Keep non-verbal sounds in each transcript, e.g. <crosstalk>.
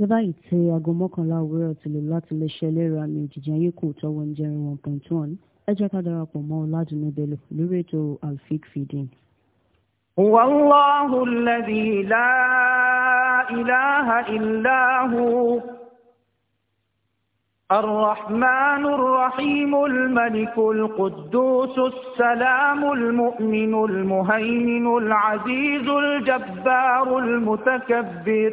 ní báyìí tí ìtẹ́ ti lò láti lè ṣe ẹlẹ́rìí àmì ìjìjà yìí kò tọ́wọ́ ń jẹrin one point one ẹ jẹ́ ká darapọ̀ mọ́ ọ̀làdùnú bello lórí ètò alfik fìdín. wàláhù alladhi la ilaha illa hu الرحمن الرحيم الملك القدوس السلام المؤمن المهيمن العزيز الجبار المتكبر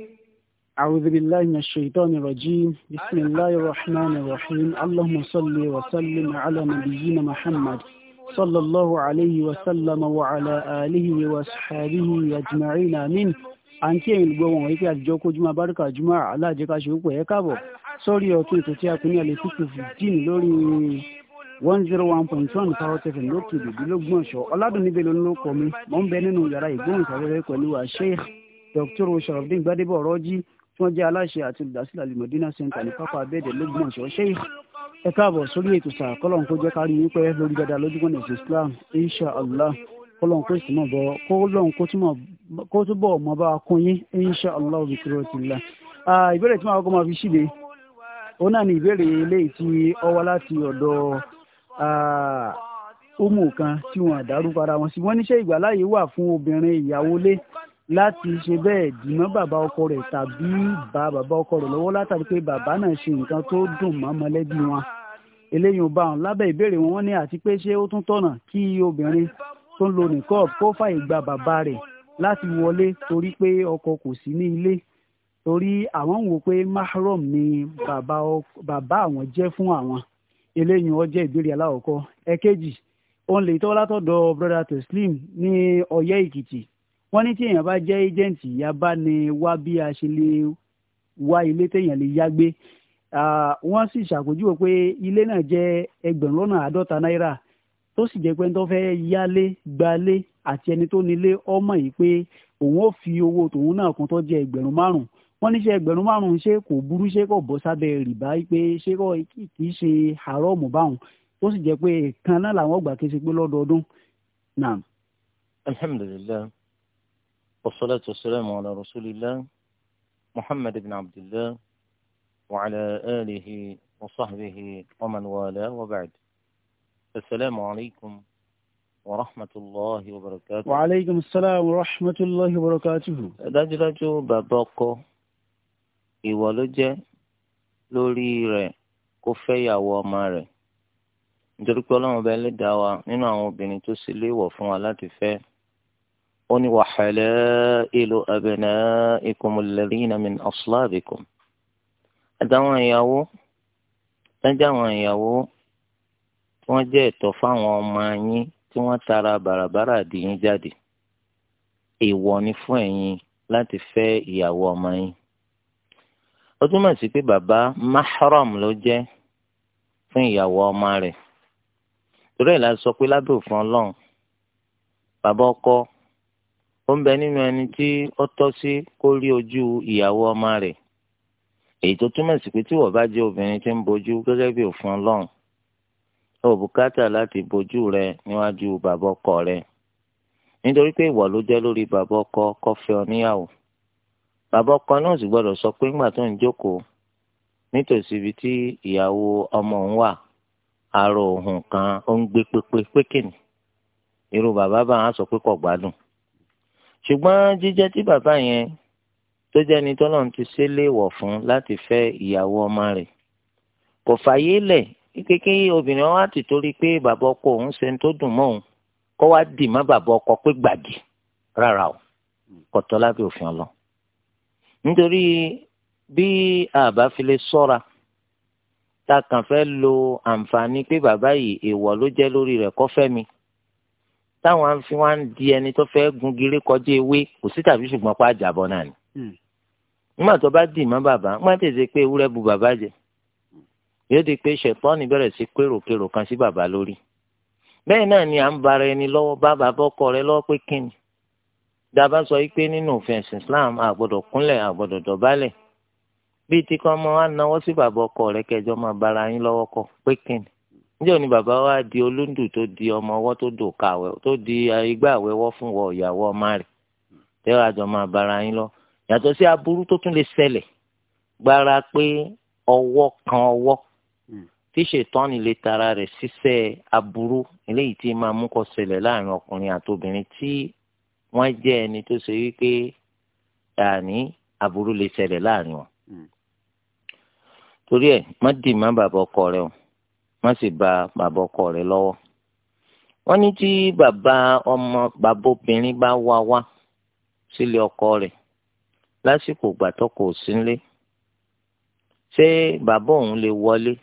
أعوذ بالله من الشيطان الرجيم بسم الله الرحمن الرحيم اللهم صل وسلم على نبينا محمد صلى الله عليه وسلم وعلى آله وصحبه أجمعين آمين àǹtí ẹ̀yìn gbogbo wọn wípé àjọ kojúmọ́ abárúkà jùmọ́ aláàjẹká ṣòwò ẹ̀ káàbọ̀ sórí ọ̀tún ètò tí a pín ní alẹ́ fífi fifteen lórí one zero one point one power seven lókè ìdòdúlógún ọ̀ṣọ́ ọ̀làdúnníbẹ̀ ló ń lò kọ́ mi mò ń bẹ nínú yàrá ìgbóhùnsáfẹ́fẹ́ pẹ̀lú Sheikh Dr. sharafdin gbadebo ọ̀rọ̀jì wọ́n jẹ́ aláṣẹ àti olùdásílẹ̀ alimọ̀dínà center ní pápá abẹ́ẹ̀dẹ̀ lọ́gbọ̀nsọ̀ sheikh ẹ káàbọ̀ sórí ètò sáà kọ́lọ́n kó jẹ́ kárí wípé lórí dáadáa lójúmọ́nà ẹ̀sìn islam insha allah kọ́lọ́n kó sì mọ̀ bọ́ kọ́lọ́n kó túbọ̀ mọ́ bá a kún yín insha allah òbí kúrò ti la. ìbéèrè tí màá kọ́ máa fi ṣíde òun náà ni ìbéèrè eléyìí tí ó wá láti ọ̀dọ̀ umu kan tí wọ́n àdárúkọ ara wọn sí wọ́n níṣẹ́ ìgbàláyé wà fún obìnrin ìyàwó lé láti ṣe bẹ́ẹ̀ dìmọ́ bàbá ọkọ rẹ̀ tàbí bá bàbá ọkọ rẹ̀ lọ́wọ́ látàrí pé bàbá náà ṣe nǹkan tó dùn mọ́ mọ́lẹ́bí wọn eléyìí ò bá wọn lábẹ́ ìbéèrè wọn wọ́n ní àti pé ṣé ó tún tọ̀nà kí obìnrin tó ń lo nìkọ́ọ̀b kó fàyè gba bàbá rẹ̀ láti wọlé torí pé ọkọ kò sí ní ilé torí àwọn ń wò pé mahram ni bàbá àwọn jẹ́ fún àwọn eléyìí ó jẹ́ ìbéèrè aláwọ̀kọ́ ẹ̀kejì òun lè tọ́ látọ̀dọ̀ brother teslim ní ọ̀yẹ́ èkìtì wọ́n ní tí èèyàn bá jẹ́ ẹjẹǹtì ìyá bá ní wá bí a ṣe lè wá ilé téèyàn lè yá gbé wọ́n sì ṣàpèjúwe pé ilé náà jẹ́ ẹgbẹ̀rún lọ́nà àádọ́ta náírà tó sì jẹ́ pé ń tó fẹ́ yálé gbalé àti ẹni tó nílé ọmọ yìí pé òun ó fi owó tòun náà kan tó jẹ́ ẹgbẹ̀rún márùn wọ́n ní ṣe ẹgbẹ̀rún márùn ṣé kò burú ṣé kò bọ́ sábẹ́ rìbá pé ṣé kò kì í ṣe àárọ̀mù báwọn tó sì jẹ́ pé kan náà làwọn gbà kése pé lọ́dọọdún. alhamdulilayi والصلاة والسلام على رسول الله محمد بن عبد الله وعلى آله وصحبه ومن والاه وبعد السلام عليكم ورحمة الله وبركاته وعليكم السلام ورحمة الله وبركاته dájúdájú bàbá ọkọ ìwọ ló jẹ́ lórí rẹ̀ kó fẹ́yàwó ọmọ rẹ̀ nítorí pé Ọlọ́run bẹ́ẹ̀ lè dá ó ní wa halailu abna'ikum alladhina min aslabikum àtàwọn ìyàwó tájà àwọn ìyàwó tí wọ́n jẹ́ ẹ̀tọ́ fáwọn ọmọ yín tí wọ́n tara bàràbàrà dìyín jáde èèwọ̀ ni fún ẹ̀yin láti fẹ́ ìyàwó ọmọ yín ó túmọ̀ sí pé bàbá mahram ló jẹ́ fún ìyàwó ọmọ rẹ̀ torí ẹ̀ la sọ pé lábẹ́ òfin ọlọ́run bàbá ọkọ ó ń bẹ nínú ẹni tí ó tọ́ sí kó rí ojú ìyàwó ọmọ rẹ̀ èyí tó túmọ̀ sí pé tí wọ́n bá jẹ́ obìnrin tí ń bojú gẹ́gẹ́ bí òfin ọlọ́run ó bùkátà láti bojú rẹ níwájú bàbá ọkọ rẹ nítorí pé ìwọ ló jẹ́ lórí bàbá ọkọ kó fẹ́ bàbá ọkọ náà sì gbọ́dọ̀ sọ pé ńgbà tó ń jókòó nítòsí ibi tí ìyàwó ọmọ òun wà àrò òhun kan ó ń gbé pépé pékìnì irú bàbá bá wọn sọ pé kò gbádùn ṣùgbọ́n jíjẹ́ tí bàbá yẹn tó jẹ́ ẹni tọ́lọ́run ti ṣe léèwọ̀ fún láti fẹ́ ìyàwó ọmọ rẹ̀ kò fàyè lẹ̀ kíkékè obìnrin wa ti torí pé bàbá ọkọ òun ṣe ń tó dùn mọ́ òun kó wá dì má bàbá ọkọ pé gbàdì rárá o kò tọ́ lábẹ́ òfin ọlọ. nítorí bí àbá fi lè sọ́ra tá a kàn fẹ́ lo àǹfààní pé bàbá yìí èèwọ̀ ló jẹ́ lórí rẹ̀ kó fẹ́ mi táwọn á wá ń di ẹni tó fẹ́ gun gírí kọjá ewé kò sí tàbí ṣùgbọ́n pa àjàbọ̀ náà ni. Hmm. nígbà tó bá dì mọ́ bàbá má tètè pé ewúrẹ́ bu bàbá jẹ yóò di pé ṣẹ̀tọ́nì bẹ̀rẹ̀ sí kéròkérò kan sí bàbá lórí bẹ́ẹ̀ náà ni à ń bara ẹni lọ́wọ́ bá bàbá ọkọ rẹ lọ́wọ́ pé kí ni dàbá sọ pé nínú òfin ẹ̀sìn Islam àgbọ̀dọ̀ kúnlẹ̀ àgbọ̀dọ̀ dọ̀bálẹ̀ bíi ti kọ́ ọmọ wa náwó sí níjẹ́ òní bàbá wa di olóńdù tó di ọmọ ọwọ́ tó dò kàwé tó di igbá àwẹ̀wọ́ fún wọ ìyàwó ọmọ rẹ̀ tẹ́wọ́ àjọ máa bára yín lọ yàtọ̀ sí aburú tó tún lè ṣẹlẹ̀ gbára pé ọwọ́ kan ọwọ́ hmm. tí ṣètọ́ni lè tara rẹ̀ ṣiṣẹ́ aburú eléyìí tí máa mú kó ṣẹlẹ̀ láàrin ọkùnrin àtobìnrin tí wọ́n jẹ́ ẹni tó ṣe wípé àní aburú lè ṣẹlẹ̀ láàrin wọn. Hmm. torí ẹ̀ má dì má bàbá ọkọ rẹ o má sì ba bàbá ọkọ rẹ̀ lọ́wọ́ wọ́n ní tí bàbá ọmọ bàbá obìnrin bá wá wá sílé ọkọ rẹ̀ lásìkò ìgbà tọ́kọ sí nílé ṣé bàbá òun lè wọlé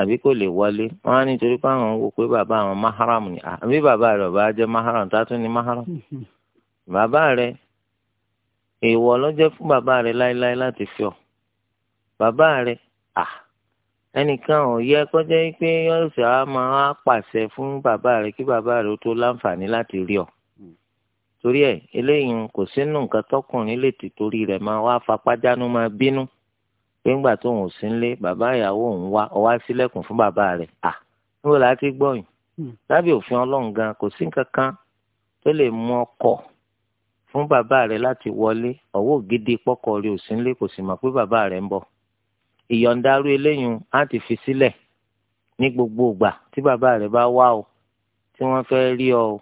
àbí kò lè wọlé wọ́n á nítorí pé àwọn wò pé bàbá àwọn maharam ni àbí bàbá rẹ̀ bá jẹ́ maharam tá a tún ní maharam <laughs> bàbá rẹ̀ èèwọ̀ ló fún bàbá rẹ̀ láéláé láti fi ọ bàbá rẹ̀ ah ẹnìkan ò yẹ kọjá pé yóò ṣe á máa pàṣẹ fún bàbá rẹ kí bàbá rẹ ó tó láǹfààní láti rí ọ hmm. torí ẹ eléyìí kò sínú nǹkan tọkùnrin lè ti torí rẹ máa wá fapájánú máa bínú pé ńgbà tó ń sí nílé bàbá ìyàwó òun wá ọwá sílẹ̀kùn fún bàbá rẹ à níbo la ti gbọ́ yìí hmm. lábẹ́ òfin Ọlọ́run gan kò sí nǹkan kan tó lè mú ọkọ fún bàbá rẹ láti wọlé ọwọ́ gidi pọkọ rẹ ò sí nílé kò sì mọ̀ pé bàbá rẹ ń bọ̀ ìyọ̀ǹdarú eléyìí á ti fi sílẹ̀ ní gbogbo ìgbà tí bàbá rẹ̀ bá wá o tí wọ́n fẹ́ rí ọ o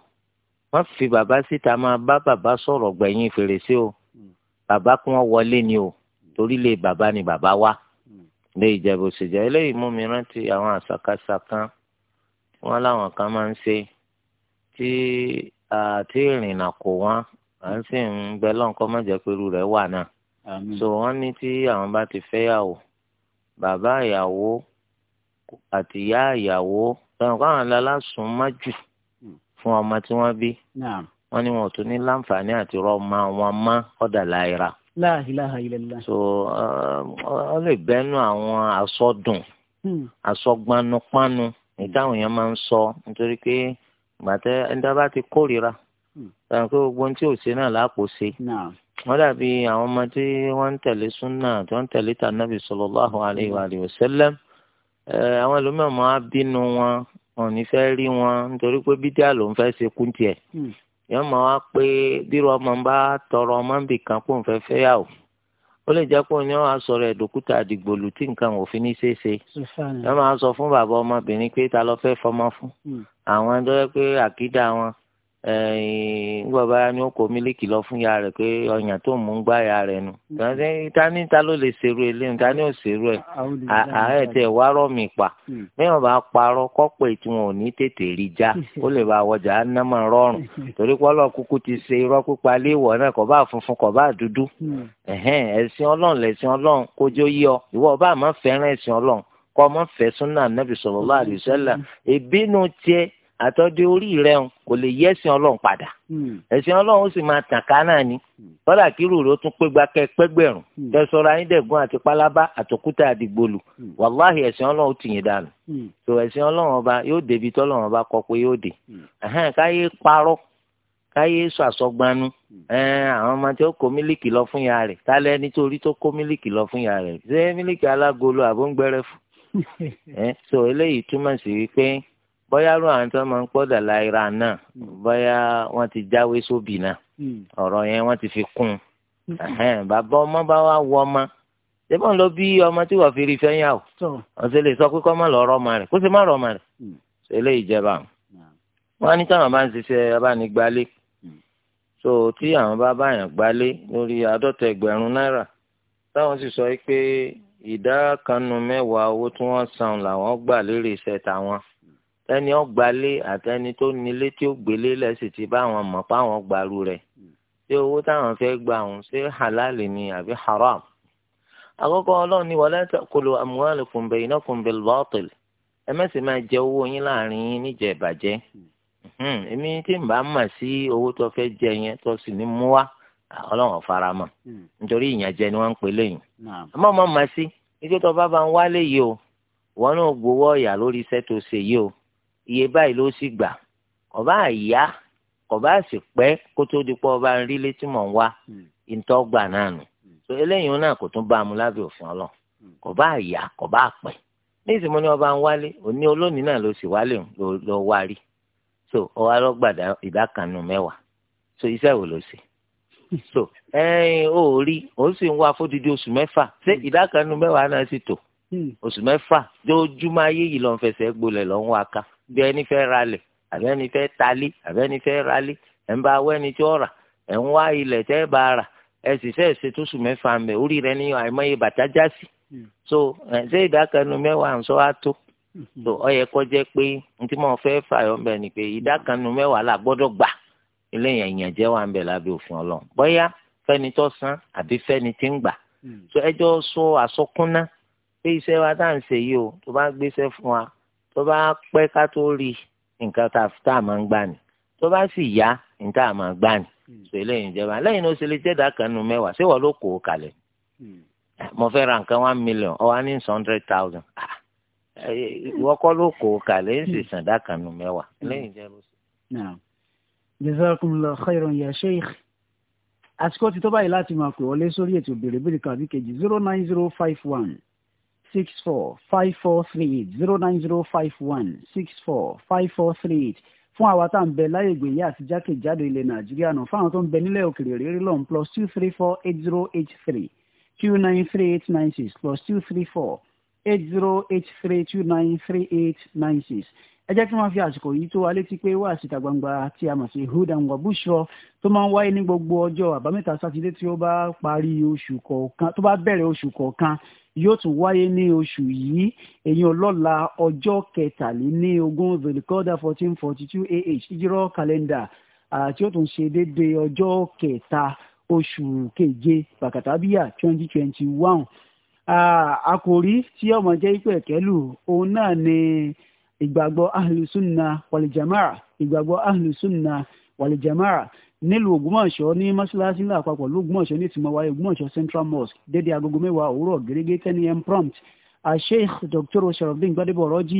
wọ́n fi bàbá síta máa bá bàbá sọ̀rọ̀ gbẹ̀yìn fèrèsé o hmm. bàbá kí wọ́n wọlé ni o torí lè bàbá ni bàbá wá hmm. lè ìjẹ̀bù ṣèjẹ́ eléyìí mú mi rántí àwọn àṣàkáṣà kan wọ́n láwọn kan máa ń ṣe tí àti ìrìnà kò wọ́n à ń sì ń bẹ lọ́nkọ́ mọ̀jẹ́ pẹ̀lú rẹ̀ wà náà so wọ́n ní tí àwọn bá ti fẹ́yàwó bàbá ìyàwó àti ìyá ìyàwó ẹnì kan àwọn alásùn má jù fún ọmọ tí wọ́n bí wọ́n ní wọn ò tún ní láǹfààní àti rọ́ọ̀mà wọn má ọ̀dà láìra. La ilaha illallah. so ọ um, lè bẹ́nu àwọn asọ́dùn hmm. asọ́gbanupánu ìtàwọn èèyàn máa ń sọ nítorí pé gbàtẹ́ ẹni tá a bá ti kórìíra. Hmm. ẹnì kan gbogbo ohun tí ò ṣe náà lápò ṣe. wọ́n dàbí àwọn ọmọ tí wọ́n ń tẹ̀lé súnà tí wọ́n ń tẹ̀lé tànàbì sallallahu alaihi wa alihi wasallam àwọn bínú wọn wọn ò rí wọn nítorí pé bídíà ló ń fẹ́ ṣe kún tiẹ̀ hmm. yọ pé bírò ọmọ bá tọrọ ọmọ bì kan ń lè jẹ́ pé àdìgbòlù tí ní yọ sọ fún bàbá ọmọbìnrin pé ta ló hmm. àwọn ẹjọ́ pé àkídà ń bàbá ni ó kó mílíkì lọ fún ya rẹ̀ pé ọyàn tó mú ń gbá ya rẹ̀ nù mm. ta ni ta ló lè ṣerú eléyìí ta ni ò ṣerú ẹ ààrẹ tẹ wá rọ̀ mí pa mẹ́wọ̀n mm. bá parọ́ kọ́pẹ́ tí wọn ò ní tètè rí já ó lè bá wọjà ánámọ̀ rọrùn <laughs> torí pọ́lọ́ kúkú ti ṣe irọ́ pípa léèwọ̀ náà kò bá funfun kò bá dúdú mm. ẹ̀sìn ọlọ́run lẹ̀sìn ọlọ́run kójó yí ọ ìwọ ọba àmọ́ fẹ́ràn ẹ̀sìn ọlọ́run kọ́ ọmọ fẹ́ súnà nàbì sallallahu alaihi wasallam ìbínú tiẹ̀ àtọ́jú orí rẹ kò lè yẹ ẹ̀sìn ọlọ́run padà hmm. ẹ̀sìn ọlọ́run ó sì máa tàn ká náà ni bọ́dà hmm. kírù rẹ ó tún pé gbákẹ́ pẹ́gbẹ̀rún tẹ̀sọ́ra hmm. ayíǹdẹ̀gún àti pálábá àtòkúta àdìgbòlù wàláhì ẹ̀sìn ọlọ́run ó tì yín dànù tó ẹ̀sìn ọlọ́run ọba yóò débi tọ́lọ́run ọba kọ pé yóò dé káyé parọ́ káyé sọ àsọgbanu àwọn ọmọ tí ó kó mílíkì lọ fún ya rẹ̀ tálẹ́ nítorí tó kó mílíkì lọ fún ya rẹ̀ ṣé mílíkì alágolo àbóǹgbẹ̀rẹ̀fù <laughs> ẹ so eléyìí túmọ̀ sí wípé bóyá ló àwọn tó máa ń pọ́dà láìra náà hmm. bóyá wọ́n ti jáwé sóbì náà hmm. ọ̀rọ̀ yẹn wọ́n ti fi kún un hmm. bàbá ọmọ bá wà wọ ọmọ ṣébọn ló bí ọmọ tí wọ́n fi rí fẹ́ yà ó wọ́n ṣe lè sọ pé kọ́ má lọ rọ́ ọmọ rẹ̀ kó ṣe má rọ́ ọmọ rẹ̀ ṣe lè jẹba wọn á ní táwọn bá ń ṣiṣẹ́ abánigbalé so tí àwọn bá báyàn gbalé lórí àádọ́ta ẹgbẹ̀rún náírà táwọn sì sọ pé ìdá kanu mẹ́wàá owó tí wọ́n san làwọn gbà lérè iṣẹ́ tàwọn ẹni ọgbàlé àti ẹni tó nílé tí ó gbélé lẹ́sìn ti bá àwọn mọ̀ pa àwọn gbàrú rẹ̀ ṣé owó táwọn fẹ́ gbà ọ̀hún ṣé halal ni àbí haram. àkọ́kọ́ ọlọ́run ní wala ta'kulu amwalakum bainakum bil batil ẹ mẹ́sìn máa jẹ owó yín láàrin yín níjẹ̀ ìbàjẹ́. Hmm, èmi tí n bá mà sí owó tó fẹ́ jẹ yẹn tó sì ní mú wá ọlọ́run fara mọ́ hmm. nítorí ìyànjẹ ni wọ́n ń pè lẹ́yìn. àmọ́ mo mà sí ike tó bá bá ń wálé yìí o wọn náà gbowó ọ̀yà lórí iṣẹ́ tó ṣe yìí o iye báyìí ló sì gbà ọba àyà ọba àsì pẹ́ kó tó di pọ ọba rí létí mọ ń wá ìtọgbà hmm. náà nù hmm. so eléyìí náà kò tún bá a mú lábẹ́ òfin Ọlọ́run ọba àyà ọba àpẹ ní ìsìnkú ni ọba ń wálé òní olónìí náà ló sì wálé lọ wá rí so ọwọ alọgbàdá ìdá kan nù mẹ́wàá so iṣẹ́ wo ló ṣe <laughs> so ẹyin ó rí òun sì ń wá fódìdí oṣù mẹ́fà ṣé hmm. ìdá kan nù mẹ́wàá náà sì tò oṣù mẹ́fà lójúmọ́ ayé yìí lọ́n fẹsẹ̀ gbolẹ̀ lọ́n wá ká bí ẹni fẹ́ ralẹ̀ àbẹ́ni fẹ́ talé àbẹ́ni fẹ́ ralé ẹ̀ ń bá wẹ́ni tí ó rà ẹ̀ ń wá ilẹ̀ tẹ́ bá rà ẹ sì fẹ́ ṣe tó sùn mẹ́fà mẹ́ orí rẹ ní àìmọye bàtà já sí hmm. so ẹ̀ ṣé ìdákanu mẹ́wàá ń sọ tó hmm. so ọ yẹ kó jẹ́ pé ntí mo fẹ́ fàyọ̀ ń bẹ̀ ni pé ìdákanu mẹ́wàá là gbọ́dọ̀ gbà eléyàn ìyànjẹ́ wà ń bẹ̀ lábẹ́ òfin ọlọ́run bóyá fẹ́ni tó san àbí fẹ́ni tí ń gbà hmm. so ẹjọ́ sọ àsọkúnná pé iṣẹ́ wa tá ṣe yìí o tó bá gbéṣẹ́ fún wa tó bá pẹ́ ká tó rí nǹkan tá a máa ń gbà ní tó bá sì yá nǹkan tá a máa gbà ní hmm. sọ eléyìí ìjọba lẹ́yìn ní o ṣe lè jẹ́ ìdákanu mẹ́wàá ṣé wọ́n ló kó o kalẹ̀ hmm. mo fẹ́ ra nǹkan one million ọ̀wá ní hundred thousand ah, ìwọ kọ́ ló kó o kalẹ̀ ń sì sàn hmm. ìdákanu mẹ́wàá lẹ́yìn ìjọba. jazakumullahu khairan ya sheikh àsìkò tí tó báyìí láti máa pè wọlé sórí ètò bèrè bèrè kàbí kejì zero nine zero five one six four five four three zero nine zero five one six four five four three eight fún àwa tá à ń bẹ láyé ìgbéyé àti jákèjádò ilẹ̀ nàìjíríà nù fáwọn tó ń bẹ nílẹ̀ òkèèrè rere lọ́n plus two three four eight zero eight three two nine three eight nine six plus two three four eight zero eight three two nine three eight nine six ẹ jẹ́ kí wọ́n fi àsìkò yìí tó wa létí pé wá síta gbangba tí a mọ̀ sí hudan wabushọ tó máa ń wáyé ní gbogbo ọjọ́ àbámẹ́ta sátidé tí ó bá parí oṣù kọ̀ọ̀kan tó bá bẹ̀rẹ̀ oṣù kọ̀ọ̀kan yóò tún wáyé ní oṣù yìí èyàn lọ́la ọjọ́ kẹtàléníogún zolikọ́dà fourteen forty two ah ìjírọ̀ kàlẹ́ndà àti ó tún ṣe déédéé ọjọ́ kẹta oṣù keje bàkàtàbíyà twenty twenty one àkòrí tí ọmọ jẹ́ ipò ẹ̀kẹ́lù òun náà ni ìgbàgbọ́ ahlusunna wàlìjàmáà ìgbàgbọ́ ahlusunna wàlìjàmáà nílùú ògbómọ̀ṣọ́ ní mọ́ṣáláṣí ńlá àpapọ̀ lógbómọ̀ṣọ́ ní tìmọ̀ wáyé ògbómọ̀ṣọ́ central mosque dédé agogo mẹ́wàá òwúrọ̀ gẹ́gẹ́ ten am prompt asheikh dr sharafdin gbadebo ọ̀rọ̀jì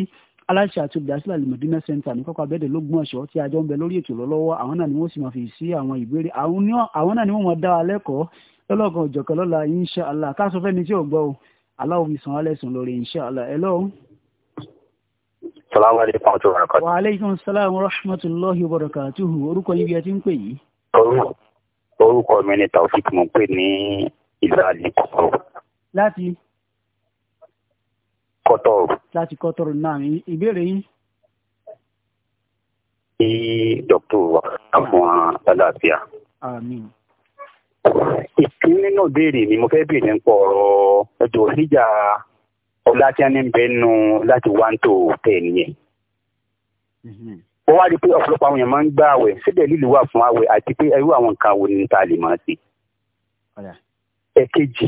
aláṣẹ àti olùdásílẹ̀ alimọ̀dínà center ní kọ́kọ́ abẹ́dẹ̀ lógbómọ̀ṣọ́ tí ajọ́ ń bẹ lórí ètò lọ́wọ́ àwọn náà ni wọ́n sì máa fi sí àwọn ìbéèrè àwọn náà ni wọ́n máa dá wa lẹ́kọ̀ọ́ lọ́lọ́kan òjọ̀kan lọ́la insha allah káàsọ fẹ́ni tí ò gbọ́ o aláwọ̀ fi sàn án lẹ́sùn lórí insha allah ẹ lọ́wọ́. salaamaleykum wa rahmatulahi wa barakatuhu orúkọ yín bí ẹ ti ń pè yìí. orúkọ mi ni taofik mo pè ní ìlú alikọtọrọ. láti. kọtọrọ. láti kọtọrọ náà ìbéèrè yín kí dọ́kítọ̀ wa àwọn àlàáfíà. ìpín nínú ìbéèrè mi mo fẹ́ béèrè bẹ́ẹ̀ ten mo wá rí i pé ọ̀pọ̀lọpọ̀ àwọn èèyàn máa ń gbà àwẹ̀ síbẹ̀ lílù wà fún àwẹ̀ àti pé irú àwọn nǹkan wo ni ta lè máa ṣe. ẹ̀kejì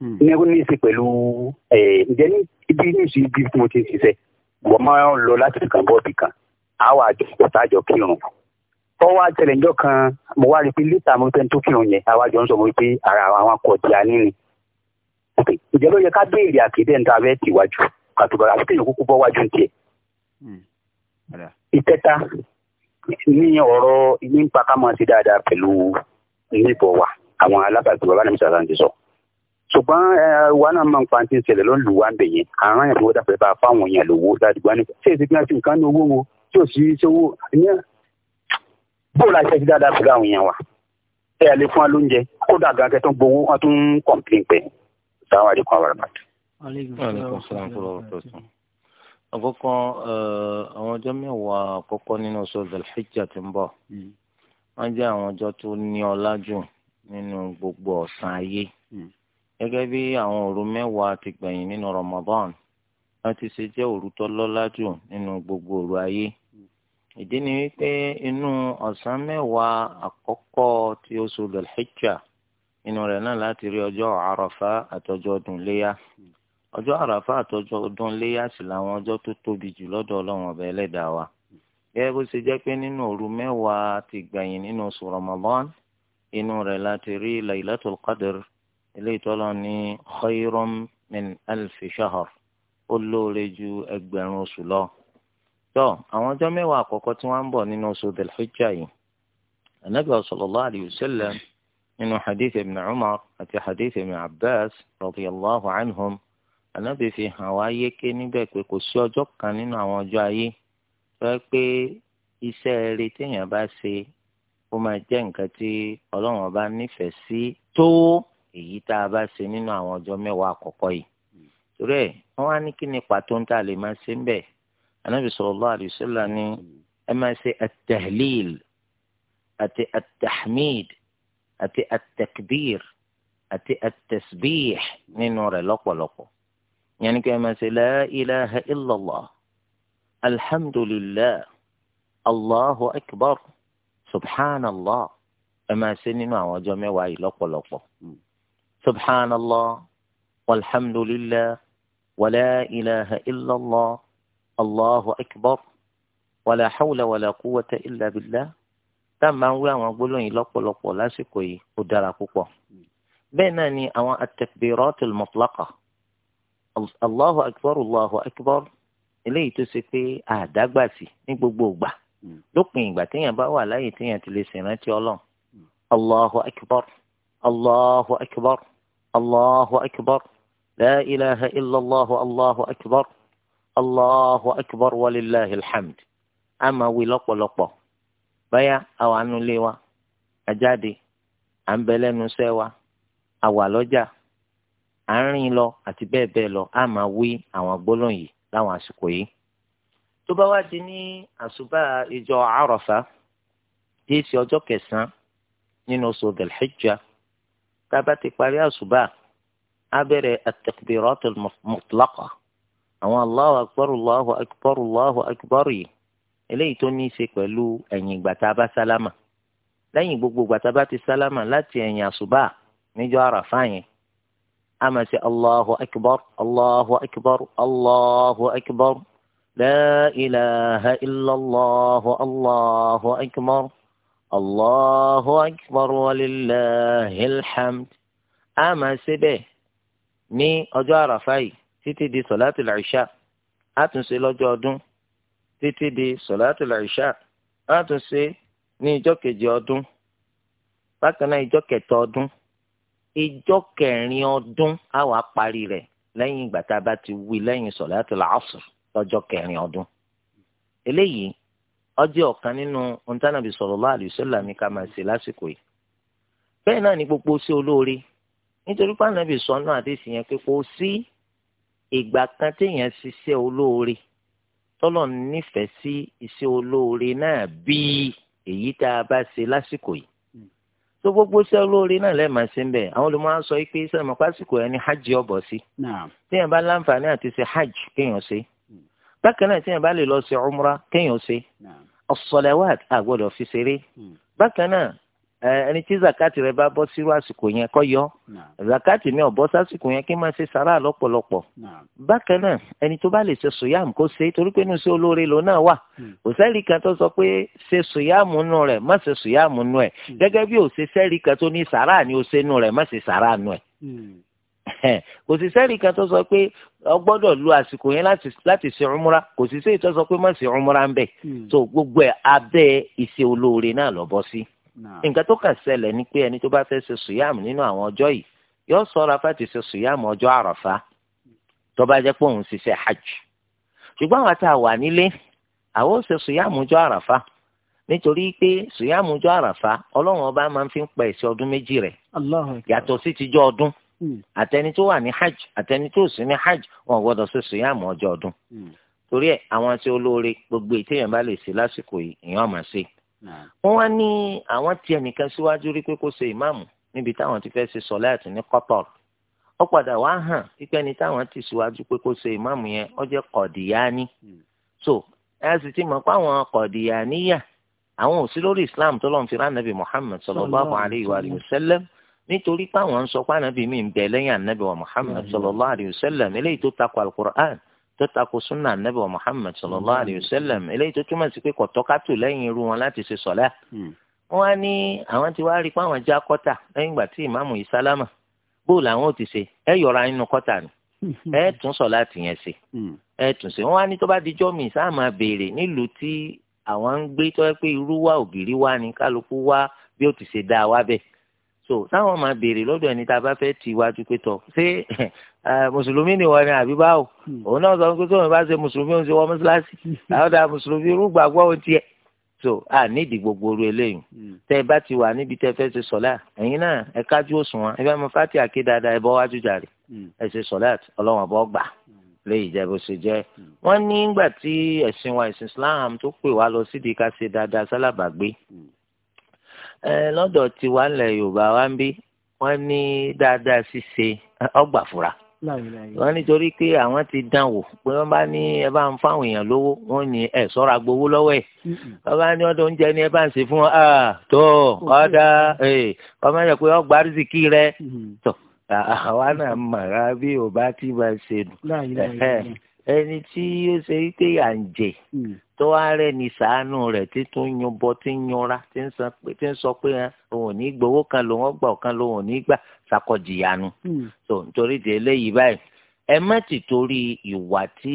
hmm. ní ó ní í ṣe pẹ̀lú ǹjẹ́ ní ibi ní ìṣú ibi tí mo ti ń ṣiṣẹ́ wọ́n máa ń lọ láti nǹkan bọ́ọ̀bì kan àwọn àjọ ọ̀tá àjọ kírun. ó wá tẹ̀lé ńjọ́ kan mo wá rí i pé lítà mo fẹ́ tó kírun yẹn àwọn àjọ ń sọ mo pé ara àwọn akọ̀dí aníni. ǹjẹ́ ló yẹ ká béèrè àkédé ń ta abẹ́ tìwájú kàtùkọ̀ àti kéèyàn kúkú bọ́ wájú ń tiẹ̀. Hmm ìkẹta ní ọ̀rọ̀ ìní ń pakámọ́ sí dáadáa pẹ̀lú níbọ̀ wa àwọn alábàgbé bàbá nàìjíríà sáà ti sọ. ṣùgbọ́n wa náà máa ń pa ti ń ṣẹlẹ̀ ló ń lù wá ń bẹ̀ yẹn àrùn yẹn fún wọ́n dàpẹ́ bá a fáwọn èèyàn lówó láti gbá ní ṣé èsì gbígbà sí nǹkan ní owó wo tí ò sí sówó ìyẹn bó la ṣe ti dáadáa pẹ̀lú àwọn èèyàn wa ẹ àlè fún wa lóúnjẹ kódà gan kẹ́ gbowó wọ́n tún ń kọ̀ǹpín sáwọn àdìkún àwọn àrùn àkọ́kọ́ eh, àwọn ọjọ́ mẹ́wàá àkọ́kọ́ nínú oṣù zelhijja tí ń bọ̀ hmm. wọ́n jẹ́ àwọn ọjọ́ tó ní ọlá jù nínú gbogbo ọ̀sán ayé hmm. gẹ́gẹ́ bí àwọn òru mẹ́wàá ti gbẹ̀yìn nínú Ramadan wọ́n ti ṣe jẹ́ òru tó lọ́lá jù nínú gbogbo òru ayé hmm. ìdí ni wípé inú ọ̀sán mẹ́wàá àkọ́kọ́ tí oṣù zelhijja inú rẹ̀ náà láti rí ọjọ́ àràfá àtọjọ́ ọdún léyà ọjọ́ àràfà àtọjọ́ ọdún léyàsì làwọn ọjọ́ tó tóbi jù lọ́dọ̀ ọlọ́run ọba ẹlẹ́dàá wa gẹ́gẹ́ bó ṣe jẹ́ pé nínú òru mẹ́wàá ti gbẹ̀yìn nínú oṣù Ramadan inú rẹ̀ láti rí Laylatul Qadr eléyìí tọ́lọ́ ní khayron min alfi shahar ó lóore ju ẹgbẹ̀rún oṣù lọ. tó àwọn ọjọ́ mẹ́wàá àkọ́kọ́ tí wọ́n ń bọ̀ nínú oṣù delhijja yìí anabi sallallahu alayhi wa sallam nínú hadith ibn Umar àti hadith ibn Abbas radiyallahu anhum ànábì fi hàn wá yéké níbẹ̀ pé kò sí ọjọ́ kan nínú àwọn ọjọ́ ayé tó yẹ pé iṣẹ́ rere téèyàn bá ṣe ó máa jẹ́ nǹkan tí ọlọ́run ọba nífẹ̀ẹ́ sí tó èyí tá a bá ṣe nínú àwọn ọjọ́ mẹ́wàá àkọ́kọ́ yìí. torí ẹ̀ wọ́n wá ní kí ni pàtó ń tà lè máa ṣe ń bẹ̀. anábì sallallahu alaihi wasallam ni ẹ máa ṣe at àti at àti at àti at nínú rẹ̀ lọ́pọ̀lọpọ̀ yẹn ni kí ẹ máa ṣe la ilaha illallah alhamdulillah allahu akbar subhanallah ẹ máa ṣe nínú àwọn ọjọ́ mẹ́wàá yìí lọ́pọ̀lọpọ̀ hmm. subhanallah walhamdulillah wala ilaha illallah allahu akbar wala hawla wala quwwata illa billah tá a máa ń wí àwọn gbólóyìn lọ́pọ̀lọpọ̀ lásìkò yìí ó dára púpọ̀ hmm. bẹ́ẹ̀ náà ni àwọn at-takbiratul mutlaqa allahu akbar allahu akbar eléyìí tó ṣe pé àdágbàsí ní gbogbo ìgbà hmm. lópin ìgbà téèyàn bá wà láyè téèyàn ti lè ṣèrántí ọlọ́run hmm. allahu akbar allahu akbar allahu akbar la ilaha illallah allahu akbar allahu akbar walillahi alhamd a máa wí lọ́pọ̀lọpọ̀ báyà àwọn anulé wa ajáde à ń bẹ lẹ́nu iṣẹ́ wa à ń rìn lọ àti bẹ́ẹ̀ bẹ́ẹ̀ lọ á máa wí àwọn gbólóhùn yìí láwọn àsìkò yìí. tó bá wá di ní àṣùbà ìjọ àròfà tí í ṣe ọjọ́ kẹsàn-án nínú oṣù dèlhijjá tá a bá ti parí àṣùbà á bẹ̀rẹ̀ àtẹ̀kùbìrọ̀tò mọ̀tòlákà àwọn Allahu akbar Allahu akbar Allahu akbar yìí eléyìí tó ní í ṣe pẹ̀lú ẹ̀yìn ìgbà tá a bá sálámà lẹ́yìn gbogbo ìgbà tá a bá ti sálámà láti ẹ̀yìn àṣùbà níjọ́ àràfà yẹn a máa ṣe allahu akbar allahu akbar allahu akbar la ilaha illallah allahu akbar allahu akbar walillahil hamd a máa ṣe bẹ́ẹ̀ ní ọjọ́ àràfá yìí títí di sọ̀látùl ìṣá àtúnṣe lọ́jọ́ ọdún títí di sọ̀látùl ìṣá àtúnṣe ní ìjọ́ kejì ọdún bákan náà ìjọ́ kẹta ọdún ìjọ kẹrin ọdún á wàá parí rẹ̀ lẹ́yìn ìgbà tá a bá ti wí lẹ́yìn sọ̀láàtì làásù lọ́jọ́ kẹrin ọdún. eléyìí ọjọ́ ọ̀kan nínú ontánàbí sallallahu alaihi wasallam ní ká máa ṣe lásìkò yìí. bẹ́ẹ̀ náà ni gbogbo sí olóore nítorí pé ànábì sọnù àdéhùn yẹn pé kò sí ìgbà kan téèyàn ṣiṣẹ́ olóore tọ́lọ̀ nífẹ̀ẹ́ sí iṣẹ́ olóore náà bíi èyí tá a bá ṣe lásìkò yìí tó gbogbo iṣẹ́ olóore náà lẹ́ẹ̀ máa ṣe ń bẹ̀ àwọn olùmọ̀ á sọ pé sẹ́yìn mọ̀ pásíkò ẹni hajj ọ̀bọ̀ sí téèyàn bá láǹfààní àti ṣe hajj kéèyàn ṣe bákan náà téèyàn bá lè lọ ṣe umra kéèyàn ṣe as àgbọ̀dọ̀ fi ṣeré hmm. bákan náà ẹni tí zakati rẹ bá bọ́ sírú àsìkò yẹn kó yọ zakati mi ò bọ́ sásìkò yẹn kí n máa ṣe sàrà lọ́pọ̀lọpọ̀ bákan náà ẹni tó bá lè ṣe sòyàmù kó ṣe torí pé inú sí olóore lòun náà wà hmm. òsẹ́rì kan tó sọ pé ṣe sòyàmù nù rẹ̀ má ṣe sòyàmù nù ẹ̀ hmm. gẹ́gẹ́ bí òṣèṣẹ́rì kan tó ní sàrà ni ó ṣe nù rẹ̀ má ṣe sàrà nù ẹ̀ hmm. kò sí sẹ́ẹ̀rì kan tó sọ pé o gbọ́dọ̀ lu àsìkò yẹn láti ṣe ọmúra kò sí sẹ́ẹ̀rì tó sọ pé má ṣe ọmúra ń bẹ̀ nǹkan tó kàn ṣẹlẹ̀ ni pé ẹni tó bá fẹ́ ṣe sùyàmù nínú àwọn ọjọ́ yìí yóò ṣọ́ra fáti ṣe sùyàmù ọjọ́ àràfà tó bá jẹ́ pé òun ṣiṣẹ́ hajj ṣùgbọ́n àwọn tá a wà nílé àwọn ò ṣe sùyàmù ọjọ́ àràfà nítorí pé sùyàmù ọjọ́ àràfà ọlọ́run ọba máa ń fi ń pa ẹ̀sìn ọdún méjì rẹ̀ yàtọ̀ sí tijọ́ ọdún hmm. àtẹni tó wà ní hajj àtẹni tó sì ní hajj wọn gbọ́dọ̀ ṣe sùyàmù ọjọ́ ọdún hmm. torí ẹ àwọn tí olóore gbogbo ìtẹ̀yìn bá lè ṣe lásìkò yìí ìyẹn ọmọ ṣe wọ́n wá ní àwọn tí ẹnìkan síwájú rí pé kó ṣe ìmáàmù níbi táwọn ti fẹ́ ṣe sọ̀láàtì ní kọ́tọ̀rù ó padà wá hàn pípẹ́ ni táwọn ti síwájú pé kó ṣe ìmáàmù yẹn ó jẹ́ kọ̀dìyání hmm. so ẹ sì ti mọ̀ pé àwọn kọ̀dìyàníyà àwọn Islam tó lọ́n fi rán nàbì Muhammad alayhi wa sallam nítorí pé sọ pé Muhammad hmm. sallallahu alayhi wa eléyìí tó tó tako sunna anabi wa muhammed sallallahu alayhi wa sallam eléyìí tó túmọ̀ sí pé kò tọ́kátù lẹ́yìn irú wọn láti ṣe sọ̀lá. Hmm. wọ́n á ní àwọn ti wá rí i pé àwọn já kọ́tà lẹ́yìn ìgbà tí ìmáàmù yìí sálámà bó làwọn ò ti ṣe ẹ yọra nínú kọ́tà ni hmm. ẹ tún sọ̀lá tìyẹn ṣe hmm. ẹ tún ṣe wọ́n á ní tó bá dijọ́ mi sáà máa béèrè nílùú tí àwọn ń gbé tó yẹ pé irú wa ògiri wa ni kálukú wa bí ó ti ṣe dáa wa bẹ́ẹ̀ so táwọn máa béèrè lọ́dọ̀ ẹni tá a bá fẹ́ ti iwájú pé tọ̀ ṣé <laughs> eh, mùsùlùmí ni wọ́n ní àbí báwo hmm. òun náà sọ pé tóun bá ṣe mùsùlùmí òun ṣe wọ́n mọ́ṣáláṣí hmm. àwọn ọ̀dà mùsùlùmí rúgbàgbọ́ òun tiẹ̀ so a nídìí gbogbo oru eléyìí hmm. tẹ bá ti wà níbi tẹ fẹ́ ṣe sọ̀lá ẹ̀yin náà ẹ kájú òṣùwọ̀n ẹ bá mọ fati àké dáadáa ẹ bọ́ wájú jàre ẹ ṣe sọ̀lá ọlọ́run ọ̀bọ gbà léyìí jẹ́ bó ṣe jẹ́ wọ́n ní ìgbà tí ẹ̀sìn wa ẹ̀sìn Islam tó pè wá lọ sídìí ká ṣe dáadáa sálábàgbé lọ́dọ̀ tiwa ńlẹ̀ yorùbá wa ń bí wọ́n ní dáadáa ṣíṣe ọgbà fura wọ́n nítorí pé àwọn ti dán wò pé wọ́n bá ní ẹ bá ń fáwọn èèyàn lówó wọ́n ní ẹ sọ́ra gbowó lọ́wọ́ ẹ̀ wọ́n bá ní ọdún oúnjẹ ní ẹ bá ń ṣe fún ọ tó ọ̀dà ọmọ yẹn eh, pé ọgbà rìsíkì rẹ tó àwa náà mọ̀ rárá bí yorùbá ti bá ṣe nù ẹni tí ó ṣe wípé à ń jẹ hmm. tó wá rẹ ní sàánú rẹ tí tó ń yunbọ tí ń yunra tí ń sọ pé òun ò ní gbowó kan lòun ọgbà ọ̀kan lòun ò ní gbà ṣàkọjìyanu tó hmm. nítorí délé yìí báyìí ẹ má ti torí ìwà tí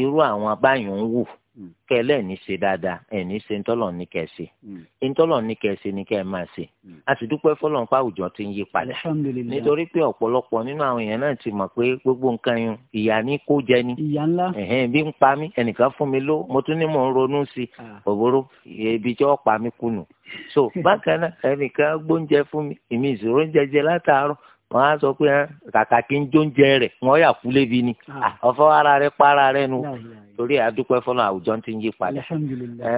irú àwọn abáyọ̀ ń wù Hmm. kẹlẹ́ ní ṣe dáadáa ẹ̀ ní ṣe hmm. ńtọ́lọ̀ ní kẹ́ ṣe ní kẹ́ ní kẹ́ máa ṣe hmm. a sì dúpẹ́ fọlọ́n pa àwùjọ ti ń yí padà nítorí pé ọ̀pọ̀lọpọ̀ nínú àwọn èèyàn náà ti mọ̀ pé gbogbo nǹkan yun ìyà ní kó jẹ ni bí ń pa mí ẹnìkan fún mi ló mo tún ní mò ń ronú sí i ah. ibi tí wọ́n pa mí kùnù so <laughs> bákan náà ẹnìkan gbóúnjẹ fún mi ìmí ìṣòro ń jẹjẹ látàárọ̀ wọ́n á sọ pé kàkà kí n jó ń jẹ rẹ̀ wọ́n yà fún lébi ni ah. ah, ọ̀fọ́ ara rẹ̀ para rẹ̀ nu torí àdúpẹ́ fọlọ́ àwùjọ ti ń yí padà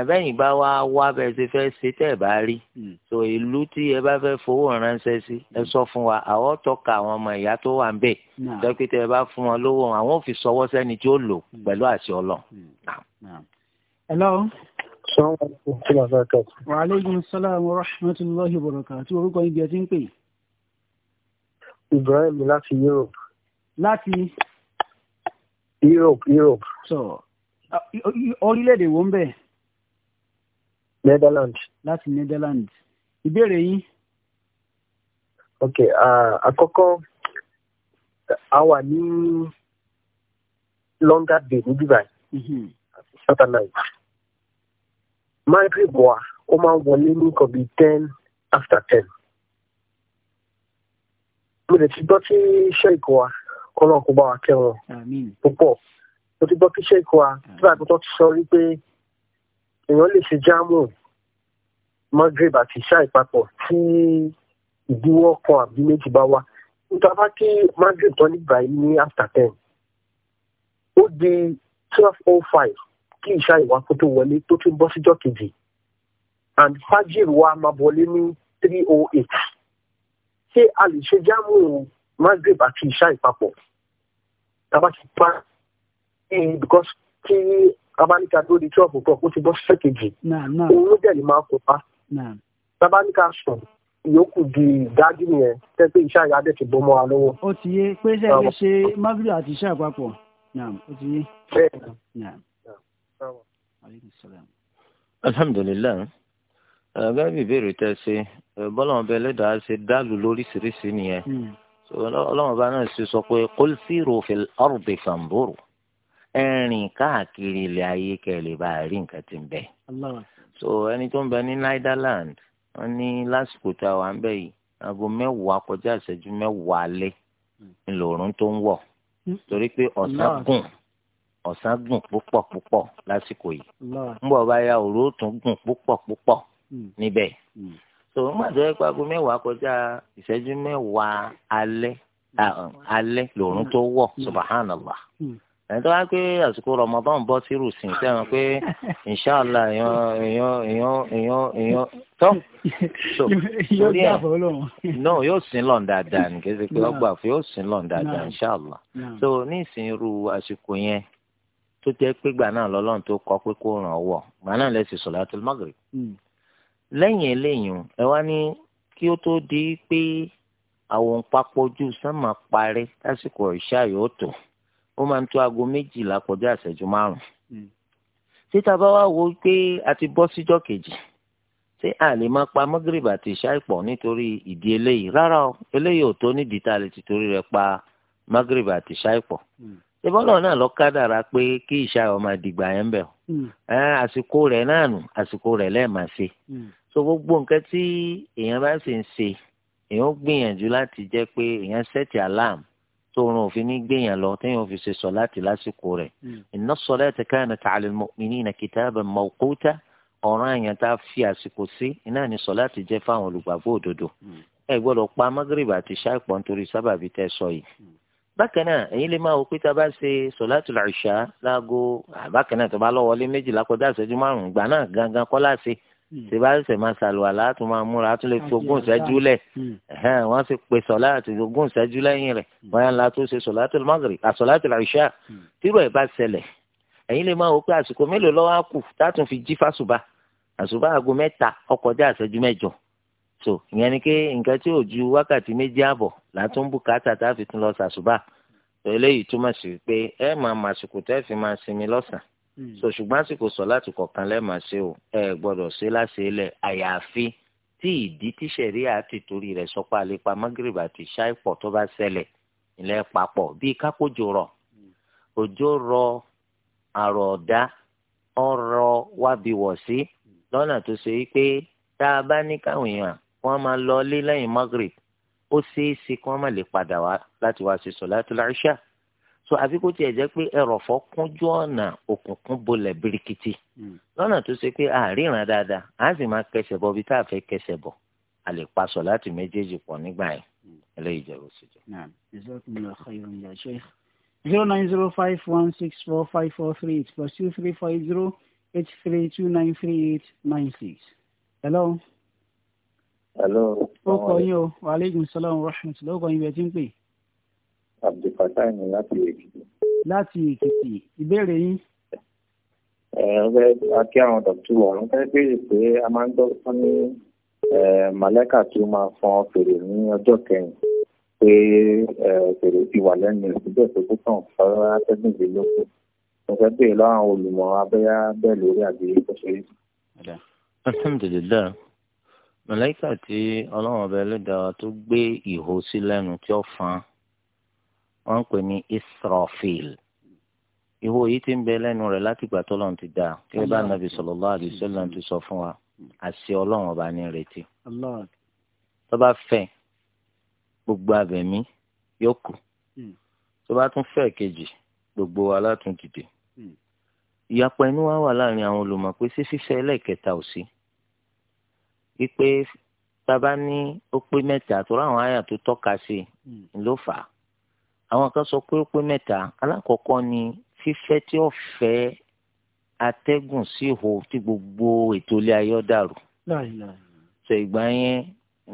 bẹ́yìn bá wá wá bẹ́ẹ̀ ṣe fẹ́ ṣe tẹ́ ẹ̀ bá rí hmm. so ìlú tí ẹ bá fẹ́ fowó ránṣẹ́ sí ẹ hmm. sọ fún wa àwọn tọ́ka àwọn ọmọ ìyá tó wà ń bẹ̀ dókítà ẹ bá fún wọn lówó àwọn ò fi sọwọ́ sẹ́ni tí ó lò hmm. pẹ̀lú àṣẹ ọlọ́ Wa alaikum salaam wa rahmatullahi wa barakatuh. Orúkọ ibi ẹ ti ń Ibrahim láti Europe. Láti. Europe Europe. So orílẹ̀-èdè wo ń bẹ̀? Netherlands. Láti Netherlands. Ìbéèrè yín. Okay. uh, àkọ́kọ́ a wà ní longer day ní Dubai. Satellite. Maghrib wa, ó máa ń wọlé ní nǹkan bíi ten after ten mo lè ti gbọ́ tí iṣẹ́ ìkọ́ wa kọ́nà kó bá wa kẹ́wọ̀n púpọ̀ mo ti gbọ́ tí iṣẹ́ ìkọ́ wa tí bàbá tó ti sọ wípé èèyàn lè ṣe jáàmù magreb àti ṣáì papọ̀ tí ìdíwọ́ kan àbí méjì bá wà nítorí bá kí magreb tán nígbà yìí ní after ten ó di twelve oh five kí ìṣáì wa kó tó wọlé tó tún bọ́ síjọ́ kejì and fajir wa máa wọlé ní three oh eight ṣé a lè ṣe jámù magreb àti ìṣá ìpapọ̀ tàbá ti pa ẹyìn because kí abáníkà tó di twelve o'clock ó ti bọ́ sí kejì òun ló dẹ̀ máa kó pa tábáníkà sùn ìyókù di dájú nìyẹn tẹ́ pé ìṣá ìyá dẹ̀ ti bọ́ mọ́ wa lọ́wọ́. ó ti yé pé ṣe lè ṣe magreb àti ìṣá ìpapọ̀ ó ti yé. bẹ́ẹ̀ ni. alhamdulilayi gẹ́gẹ́ bí ìbéèrè tẹ́ ṣe bọ́lá ọ̀bẹ ẹlẹ́dàá ṣe dálù lóríṣiríṣi nìyẹn hmm. ọlọ́run bá náà ṣe sọ pé qul siru fil ardi fanzuru ẹ̀rìn káàkiri ilẹ̀ ayé kẹ́lẹ́ bá rí nǹkan tí ń bẹ. so ẹni tó ń bẹ ní Netherlands wọn ní lásìkò tá a wà ń bẹ yìí aago mẹ́wàá kọjá ìṣẹ́jú mẹ́wàá alẹ́ ńlọrọ̀n tó ń wọ̀ hmm. torí pé ọ̀sán gùn ọ̀sán gùn púpọ̀ púpọ̀ lásìkò yìí ń bọ̀ bá ya òru tún gùn púpọ̀ púpọ̀. Hmm. níbẹ̀ hmm. so ńgbà tó yẹ pé mẹ́wàá kọjá ìṣẹ́jú mẹ́wàá alẹ́ alẹ́ lòrùn tó wọ̀ hmm. subahánàlá ẹni tó wá pé àsìkò rọmọdán bọ́ sírù sí i sẹ́wọ̀n pé inṣàlá èèyàn èèyàn èèyàn èèyàn èèyàn so torí ẹ̀ náà yóò sin lọ́n dáadáa ní kí pé ọgbà fún yóò sin lọ́n dáadáa so ní àsìkò yẹn tó jẹ́ pé gbà náà lọ́lọ́run tó kọ́ pé kó ràn ọ́ wọ̀ gbà náà lẹ́sìn lẹ́yìn eléyìí ẹ wá ní kí ó tó di pé àwọn papọ̀ ojú sánmà parí lásìkò ìṣá yóò tó ó máa ń tó aago méjìlá kọjá ìṣẹ́jú márùn-ún. Hmm. títa bá wá wo pé a ti bọ́ síjọ́ kejì ṣé a lè máa pa mọ́gìrìbà àti ìṣá ìpọ̀ nítorí ìdí eléyìí rárá o eléyìí ò tó nídìí tá a lè ti torí rẹ̀ pa mọ́gìrìbà àti ìṣá ìpọ̀ ìbọ́lọ̀ hmm. náà lọ kádàrá pé kí ìṣá ọmọ àdìgbà yẹn bẹ̀ ọ́ hmm. àsìkò rẹ̀ náà nù àsìkò rẹ̀ lẹ́ẹ̀ máa ṣe so gbogbo nǹkan tí èèyàn bá sì ń ṣe èèyàn ó gbìyànjú láti jẹ́ pé èèyàn sẹ́ẹ̀tì alarm tóorun òfin ní gbìyàn lọ téèyàn fi ṣe sọ láti lásìkò rẹ̀ hmm. inna salata kanat ala al-mu'minina kitaban mawquta ọ̀ràn àyàn tá a fi àsìkò sí iná ní sọ láti jẹ́ fáwọn olùgbàgbọ́ òdodo hmm. ẹ gbọ́dọ̀ pa magreba àti ṣáìpọ̀ nítorí sábàbí tẹ́ sọ yìí hmm. bákan náà èyí lè máa wò pé tá a bá ṣe sọláàtù làṣà láago bákan náà tó bá lọ wọlé méjìlá kọjá ìṣẹ́jú márùn-ún ìgbà náà gangan kọ́ láṣẹ ṣèbáṣẹ hmm. máa ṣàlùwàlá tó máa múra tó lè fi ogún ìṣẹ́jú lẹ̀ hmm. wọ́n sì pè sọ̀lá àti ogún ìṣẹ́jú lẹ́yìn rẹ̀ wọ́n hmm. yàn látó ṣe sọ̀lá tó maghrib àsọ̀lá tó làṣà tírò ẹ̀ bá ṣẹlẹ̀ ẹ̀yin lè máa wò pé àsìkò mélòó lọ́wọ́ á kù tátùn fi jí fásùbà àsùbà aago mẹ́ta ọkọjá àṣẹjú mẹ́jọ so ìyẹn ni pé nǹkan tí ò ju wákàtí méjì ààbọ̀ látún bùkátà tá a fi tún lọ ṣàṣùbà eléyìí túmọ̀ sí pé ẹ máa màṣùkù tẹ́ fi máa sinmi lọ́sàn-án Hmm. so ṣùgbọ́n àsìkò sọ láti kọ̀ọ̀kan lẹ́ẹ̀ma ṣe o ẹ gbọ́dọ̀ ṣe láṣẹ lẹ̀ àyàfi tí ìdí tíṣẹ̀rí àti torí rẹ̀ sọpá àlepa magreb àti ṣáìpọ̀ tó bá ṣẹlẹ̀ ilẹ̀ papọ̀ bíi kápójò rọ̀ hmm. òjò rọ àrọ̀ọ̀dá ọ̀rọ̀ wábiwọ̀sí hmm. lọ́nà tó ṣe wípé tá a bá ní káwọn èèyàn wọ́n máa lọ lé lẹ́yìn magreb ó ṣeé ṣe kí wọ́n má lè padà wá láti wá ṣe sọ̀ láti láṣà so àfi kó tiẹ̀ jẹ́ pé ẹrọ̀fọ́ kúnjú ọ̀nà òkùnkùn bolẹ̀ birikiti hmm. lọ́nà tó ṣe pé àríran dáadáa a sì máa kẹsẹ̀ bọ̀ bí tá a fẹ́ kẹsẹ̀ bọ̀ a lè pa sọ láti méjèèjì pọ̀ nígbà yẹn hmm. eléyìí jẹ́ oṣù jẹ́. zero nine zero five one six four five four three eight plus two three four zero eight three two nine three eight nine six. hello. hello. ó kọ yín o waaleykum salaam wa rahmatulah ó kọ yín bí ẹ ń pè é abdulfatai ni láti èkìtì. láti èkìtì ìbéèrè yín. ẹ ẹ fẹ́ akí àwọn dọ̀tú ọ̀run fẹ́ béèrè pé a máa ń gbọ́ fún ní màlẹ́kà tí ó máa fọn fèrè ní ọjọ́ kẹyìn pé fèrè ti wà lẹ́nu ìsúbẹ̀ tó kó tàn fọ́nrán atẹ́gùnlélógún mo fẹ́ béèrè lọ́wọ́ àwọn olùmọ̀ abẹ́yá bẹ́ẹ̀ lórí àgbèrè tó ṣe é. alhamdulilayi màlẹ́kà tí ọlọ́run ọba ẹlẹ́dàá tó gbé ìhó sí lẹ́nu tí ó fan wọ́n ń pè ní Israfil ìwo yìí ti ń bẹ lẹ́nu rẹ̀ láti ìgbà tó lọ́n ti dá kí ẹ bá nàbì sallallahu alaihi wasallam ti sọ fún wa àṣẹ ọlọ́run ọba ní retí tó bá fẹ́ gbogbo abẹ̀mí yóò kù hmm. tó bá tún fẹ́ kejì gbogbo wa dìde hmm. ìyapa inú wa wà láàrin àwọn olùmọ̀ pé sí fífẹ́ ẹlẹ́ẹ̀kẹta ò sí wípé bàbá ní ó pé mẹ́ta àtúrò àwọn àyà tó tọ́ka sí hmm. ló fà á àwọn kan sọ pé ó pé mẹ́ta alákọ̀ọ́kọ́ ni fífẹ́ tí ó fẹ́ atẹ́gùn sí ihò tí gbogbo ètò ilé ayọ́ dàrú. sọ ìgbà yẹn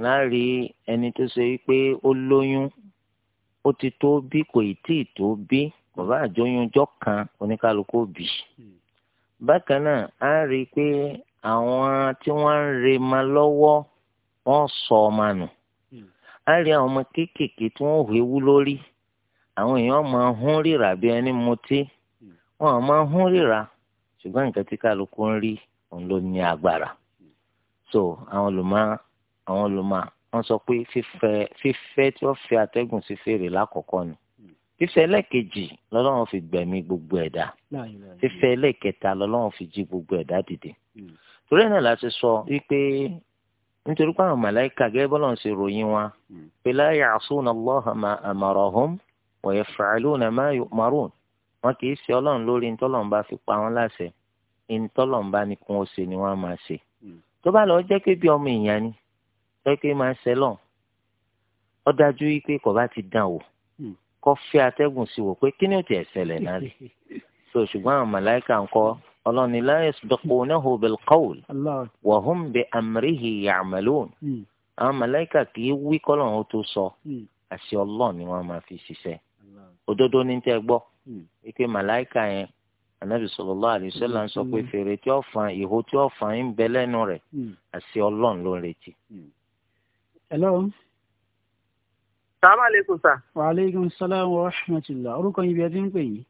láàrin ẹni tó ṣe wípé ó lóyún ó ti tó bí kò ì tí ì tó bí kò bá kan oníkálukú bì. Hmm. bákan náà a rí i pé àwọn tí wọ́n ń re ma lọ́wọ́ wọ́n sọ ọmọ nù. Hmm. a rí àwọn ọmọ kéékèèké tí wọ́n hu ewu lórí àwọn èèyàn máa hún ríra bí ẹni mutí wọn máa hún ríra ṣùgbọ́n nǹkan tí kálukú ń rí òun ló ní agbára so àwọn olùmọ̀ àwọn olùmọ̀ wọ́n sọ pé fífẹ́ fífẹ́ tí wọ́n fi atẹ́gùn sí fèrè lákọ̀ọ́kọ́ ni fífẹ́ ẹlẹ́ẹ̀kejì lọ́lọ́run fi gbẹ̀mí gbogbo ẹ̀dá fífẹ́ ẹlẹ́ẹ̀kẹta lọ́lọ́run fi jí gbogbo ẹ̀dá dìde torí ẹ̀ náà la ṣe sọ wípé nítorí pé àwọn màláìka gẹ́gẹ́ bọ́lọ̀ ń ṣe ròyìn wọn hmm. pé la ya'suna Allaha ma wa yaf'aluna ma yu'marun wọn kì í ṣe ọlọ́run lórí ntọ́lọ́run bá fi pa wọn láṣẹ ntọ́lọ́run bá ní kún ó ṣe ni wọ́n máa ṣe hmm. tó bá lọ jẹ́ pé bí ọmọ èèyàn ni jẹ́ pé máa ṣẹlọ̀ ó dájú pé kò bá ti dàn wò hmm. kó fẹ́ atẹ́gùn sí wò pé kí ni ti ẹ̀ṣẹ̀lẹ̀ náà rí <laughs> so ṣùgbọ́n àwọn màláìka ńkọ́ ọlọ́ni la yasbiqunahu bil qawl wa hum bi amrihi ya'malun hmm. àwọn màláìka kì í wí kọ́lọ́run ó tó sọ àṣẹ ọlọ́ọ̀ ni wọ́n máa fi ṣiṣẹ́ òdodo ní tẹ́ gbọ́ wípé hmm. màláìka yẹn anabi sallallahu alaihi wasallam ń sọ pé hmm. fèrè tí ó fàn ìhó tí ó fàn ń bẹ lẹ́nu rẹ̀ hmm. àti Ọlọ́run ló ń retí. hello. salaam aleykum sa. wa aleykum salaam wa rahmatulah orúkọ yín bí ẹ ti ń pè yìí.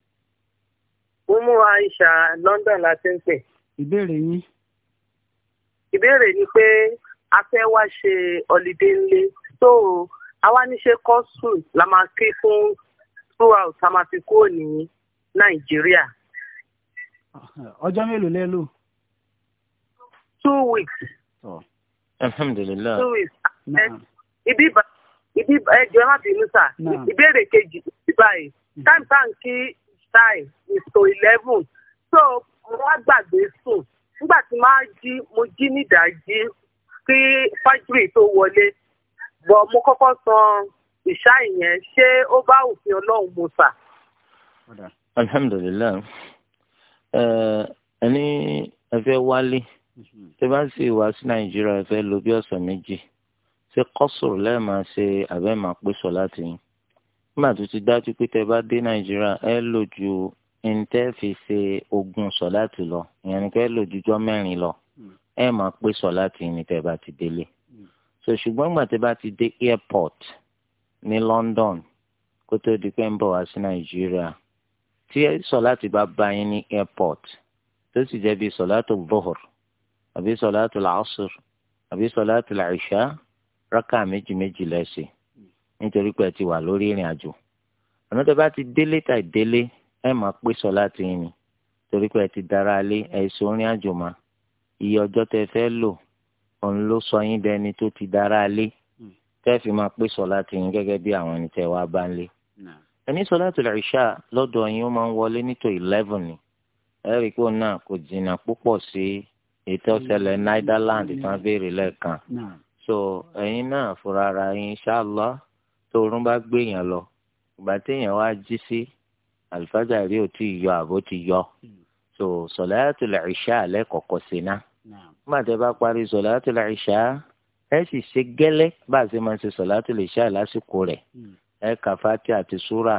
umu aisha london la ti ń pè. ìbéèrè yín. ìbéèrè ni pé a fẹ́ wá ṣe ọ̀lídé ńlẹ̀ tó àwa ní ṣe kọ́sùn la máa ké fún throughout a máa fi kúrò ní nàìjíríà. ọjọ́ mélòó lẹ́ lò. two weeks. alhamdulilayi. two weeks. ibi ibi ẹjọ ẹ má bínú sà ìbéèrè kejì báyìí mm. time time kí time is to eleven so mo wá gbàgbé sùn nígbà tí máa jí mo jí nídàájí kí fájúrì tó wọlé bọ̀ mo kọ́kọ́ san ìṣá ìyẹn ṣé ó bá òfin ọlọ́run mu sà. alhamdulilayi ẹni ẹ fẹ́ wálé mm-hmm. tí bá sì wá sí nàìjíríà ẹ fẹ́ lò bí ọ̀sẹ̀ méjì ṣé kọ́sùrù lẹ́ẹ̀ máa ṣe àbẹ́ máa pé sọ láti yín nígbà tó ti dájú pé tẹ́ bá dé nàìjíríà ẹ lò ju ntẹ́ fi ṣe ogún sọ láti lọ ìyẹn ni kẹ́ lò jújọ́ mẹ́rin lọ mm. ẹ máa pé láti yín ni tẹ́ bá ti délé mm. so ṣùgbọ́n nígbà bá ti dé airport. Mm ní London kó tó di pé ń bọ̀ wá sí Nàìjíríà tí sọláàtì bá bá yín ní airport tó sì jẹ́ bíi sọláàtì bọ́hùr àbí sọláàtì làásùr àbí sọláàtì làìṣá rákà méjì méjì lẹ́sẹ̀ nítorí pé ẹ ti wà lórí ìrìn àjò àmọ́ tó bá ti délé tàì délé ẹ máa pé sọláàtì yín ni torí pé ẹ ti dára lé ẹ̀sùn orin àjò máa iye ọjọ́ tẹ fẹ́ lò òun ló sọ yín dẹni tó ti dára lé tẹ́ fi máa pé sọlá ti yín gẹ́gẹ́ bí àwọn ẹni tẹ́ wá bá ń lé. ẹni sọlá tó lè lọ́dọ̀ yín ó máa ń wọlé nítò eleven ni ẹ̀rí pé náà kò jìnnà púpọ̀ sí ètò ọ̀sẹ̀lẹ̀ Netherlands tán béèrè lẹ́ẹ̀kan. so ẹ̀yin náà fúnra ara yín ṣáàlọ́ tó oorun bá gbé yẹn lọ ìgbà téèyàn wá jí sí àlùfáàjà rí ò tí ì yọ àbó ti yọ hmm. so sọlá tó lè ṣá lẹ́kọ̀ọ̀kọ̀ sí náà. nígbà tẹ́ bá parí sọlá tó lè ẹ sì ṣe gẹ́lẹ́ bá a ṣe máa ṣe sọ̀látù lè ṣáì lásìkò rẹ̀ hmm. ẹ kà fati àti súrà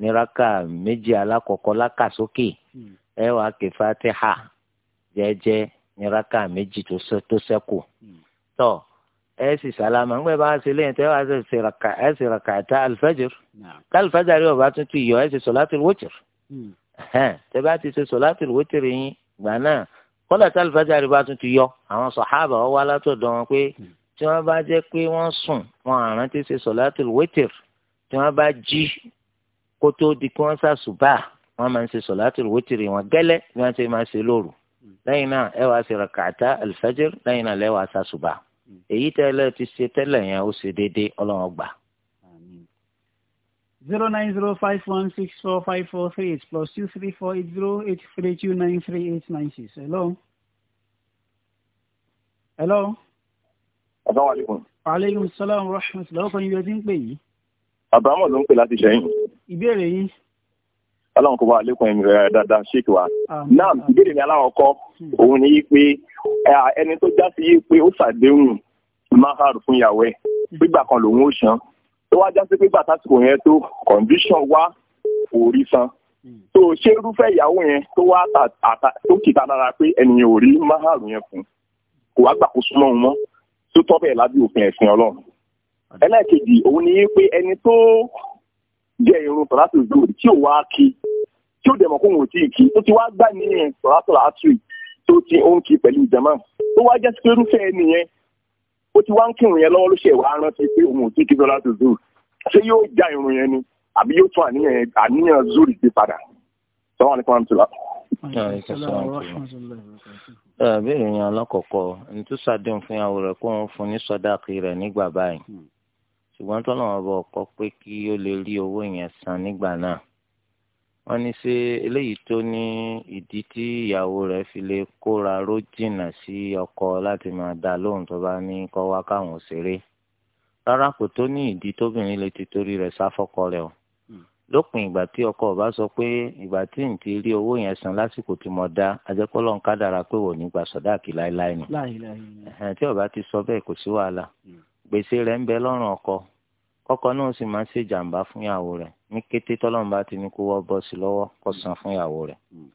níraka méjì alákọ̀ọ́kọ́ lákàsókè hmm. ẹ wà ké fatiha jẹ́jẹ́ níraka méjì tó ṣẹ́kù hmm. tọ́ ẹ sì sàlámà ńgbẹ́ bá a ṣe lẹ́yìn tẹ́ wàá ṣe raka ẹ sì raka àti alifajir yóò bá tún ti yọ ẹ sì sọ̀látù wọ́tìr tẹ́ bá ti ṣe sọ̀látù wọ́tìr yín gbà náà kọ́lá tí alifájárì bá tún ti yọ àwọn sàhábà ọ wá látọ̀dọ̀ wọn pé tí wọ́n bá jẹ́ pé wọ́n sùn wọn àrántí ṣe sọ̀látìl wẹ́tìr tí wọ́n bá jí kó tó di kí wọ́n ṣàṣùbà wọ́n máa ń ṣe sọ̀látìl wẹ́tìr wọn gẹ́lẹ́ bí wọ́n ṣe máa ṣe lóru lẹ́yìn náà ẹ wàá ṣe rakàtà alifájárì lẹ́yìn náà lẹ́wàá ṣàṣùbà èyí tẹ́lẹ̀ ti ṣe tẹ́lẹ̀ yẹn ó ṣe déédéé ọlọ́run gbà zero nine zero five one six four five four three eight plus two three four eight zero eight three two nine three eight nine six. hello. hello. asalaamualeykum. aleykum salaam wa rahmatulah ọkọ yín bí ẹ ti ń pè yìí. abrahamu ló ń pè láti ṣẹ́yìn. ìbéèrè yín. ọlọ́run kò wá àlékún ẹ̀mí rẹ̀ dáadáa ṣéèkì wa. náà ìbéèrè mi aláwọ̀kọ́ hmm. òun ni yí pé ẹni tó já sí yí pé ó ṣàdéhùn máa ń fàrù fún ìyàwó ẹ̀ gbígbà hmm. kan lòun ó ṣan tó wá já sí pé gbà tásìkò yẹn tó condition wá kò rí san tó hmm. ṣé irúfẹ́ ìyàwó yẹn tó wá tó kìta lára pé ẹnìyàn ò rí máhàrù yẹn fún kò wá gbà kó súnmọ́ òun mọ́ tó tọ́ bẹ́ẹ̀ lábẹ́ òfin ẹ̀sìn ọlọ́run ẹlẹ́ẹ̀kejì òun ni pé ẹni tó jẹ irun tọ́látò ìdúró tí ò wá kí tí ò dẹ̀mọ̀ kóhùn òtí kí tó ti wá gbà ní tọ́látò tó ti ó ń kí pẹ̀lú ìjàmá tó wá jẹ́ pé irúfẹ́ ẹni ó ti wá ń kírun yẹn lọ́wọ́ ló ṣe wàá rántí pé òun ò tí kí sọlá tó zuru ṣé yóò já irun yẹn ni àbí yóò tún àníyàn àníyàn zuru gbé padà sọ́wọ́n ní kọ́ńtù la. béèrè yẹn alákọ̀ọ́kọ́ ntúṣàdéhùn fún ìyàwó rẹ̀ kó wọn fún ní sọ́dáàkì rẹ̀ nígbà báyìí hmm. ṣùgbọ́n tọ́lọ́wọ́n bọ̀ kọ́ pé kí ó lè rí owó yẹn san nígbà náà wọ́n ní ṣe eléyìí tó ní ìdí tí ìyàwó rẹ̀ fi lè kóra ró jìnnà sí ọkọ láti máa dá lóhùn tó bá ní kọ́ wá káwọn ṣeré rárá kò tó ní ìdí tóbìnrin lè ti torí rẹ̀ sá fọ́kọ o hmm. lópin ìgbà tí ọkọ ọba sọ pé ìgbà tí n ti rí owó yẹn san lásìkò tí mo dá ajẹkọlọ ń kádàrá pé wò ní gba gbà sọdáàkì láéláé ni tí ọba ti sọ bẹ́ẹ̀ kò sí wàhálà hmm. gbèsè rẹ̀ ń bẹ lọ́rùn ọkọ kọ́kọ́ náà sì máa ń ṣèjàǹbá fún ìyàwó rẹ̀ ní kété tọ́lọ́mùbá ti ní kó wọ́ bọ́ sí lọ́wọ́ kó hmm. san fún ìyàwó rẹ̀ hmm.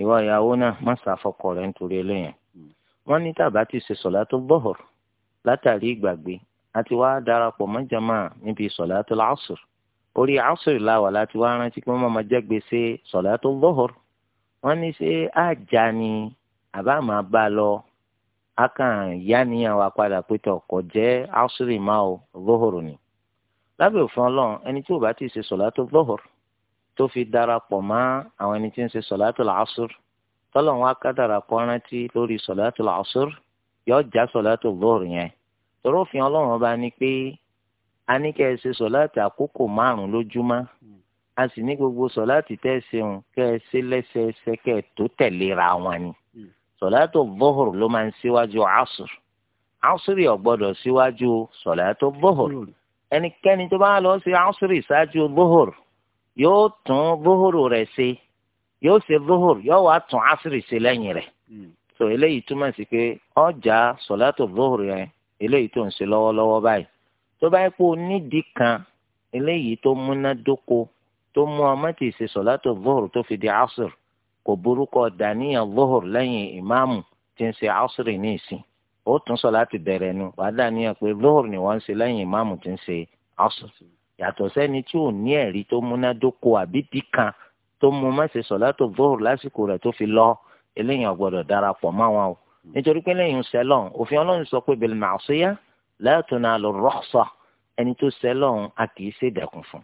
ìwọ ìyàwó náà má sàfọkọ rẹ̀ nítorí eléyàn hmm. wọ́n ní tàbá ti ṣe sọ̀lá tó bọ̀họ̀rọ̀ látàrí ìgbàgbé àti wá darapọ̀ mọ́jàmá níbi sọ̀lá tó lásùr orí àsùr làwà láti wá rántí pé wọ́n máa jẹ́ gbèsè sọ̀lá tó bọ̀họ̀rọ̀ wọ́n ní ṣé àjà ni àbá máa bá lọ akàn yáníyàn wa padà pé tọkọ jẹ́ àsùr lábẹ́ òfin ọlọ́run ẹni tí ò bá ti ṣe sọ̀látò lọ́hùr tó fi darapọ̀ mọ́ àwọn ẹni tí ń ṣe sọ̀látò làásùr tọ́lọ́run wá kádàrà kọ́ rántí lórí sọ̀látò làásùr yóò já sọ̀látò lọ́hùr yẹn torí òfin ọlọ́run ọba ni pé a ní kẹ́ ẹ ṣe sọ̀látò àkókò márùn-ún lójúmọ́ a sì ní gbogbo sọ̀látì tẹ́ ẹ ṣeun kẹ́ ẹ ṣe lẹ́sẹẹsẹ kẹ́ ẹ tó tẹ̀léra wọn ni sọ̀látò lọ́hùr ló máa ń síwájú àásùr àásùr yóò gbọ́dọ̀ síwájú sọ̀látò lọ́hùr ẹnikẹ́ni tó bá lọ sí asiri ṣáájú zuhur yóò tún zuhur rẹ̀ ṣe yóò ṣe zuhur yóò wá tún asiri ṣe lẹ́yìn rẹ̀ hmm. so eléyìí túmọ̀ sí pé ọjà sọ̀látò zuhur yẹn eléyìí tó ń ṣe lọ́wọ́lọ́wọ́ báyìí tó bá yẹ kó nídìí kan eléyìí tó múnádóko tó mú ọmọ tí ì ṣe sọ̀látò zuhur tó fi di asiri kò burúkọ dàníyàn zuhur lẹ́yìn ìmáàmù tí ń ṣe asiri ní ìsìn ó tún sọ láti bẹ̀rẹ̀ nu wàá dà níyàn pé lóhùr ni wọ́n ń ṣe lẹ́yìn ìmáàmù tí ń ṣe ọ̀sùn yàtọ̀ sẹ́ni tí ò ní ẹ̀rí tó múnádóko àbíbí kan tó mú mẹ́sẹ̀ sọ láti lóhùr lásìkò rẹ̀ tó fi lọ eléyìí ọ̀gbọ́dọ̀ darapọ̀ mọ́ wọn o nítorí pé lẹ́yìn sẹ́lọ̀n òfin ọlọ́run sọ pé bil ma'siyah la tunalu rukhsah ẹni tó sẹ́lọ̀n a kì í ṣèdẹ̀kùn fún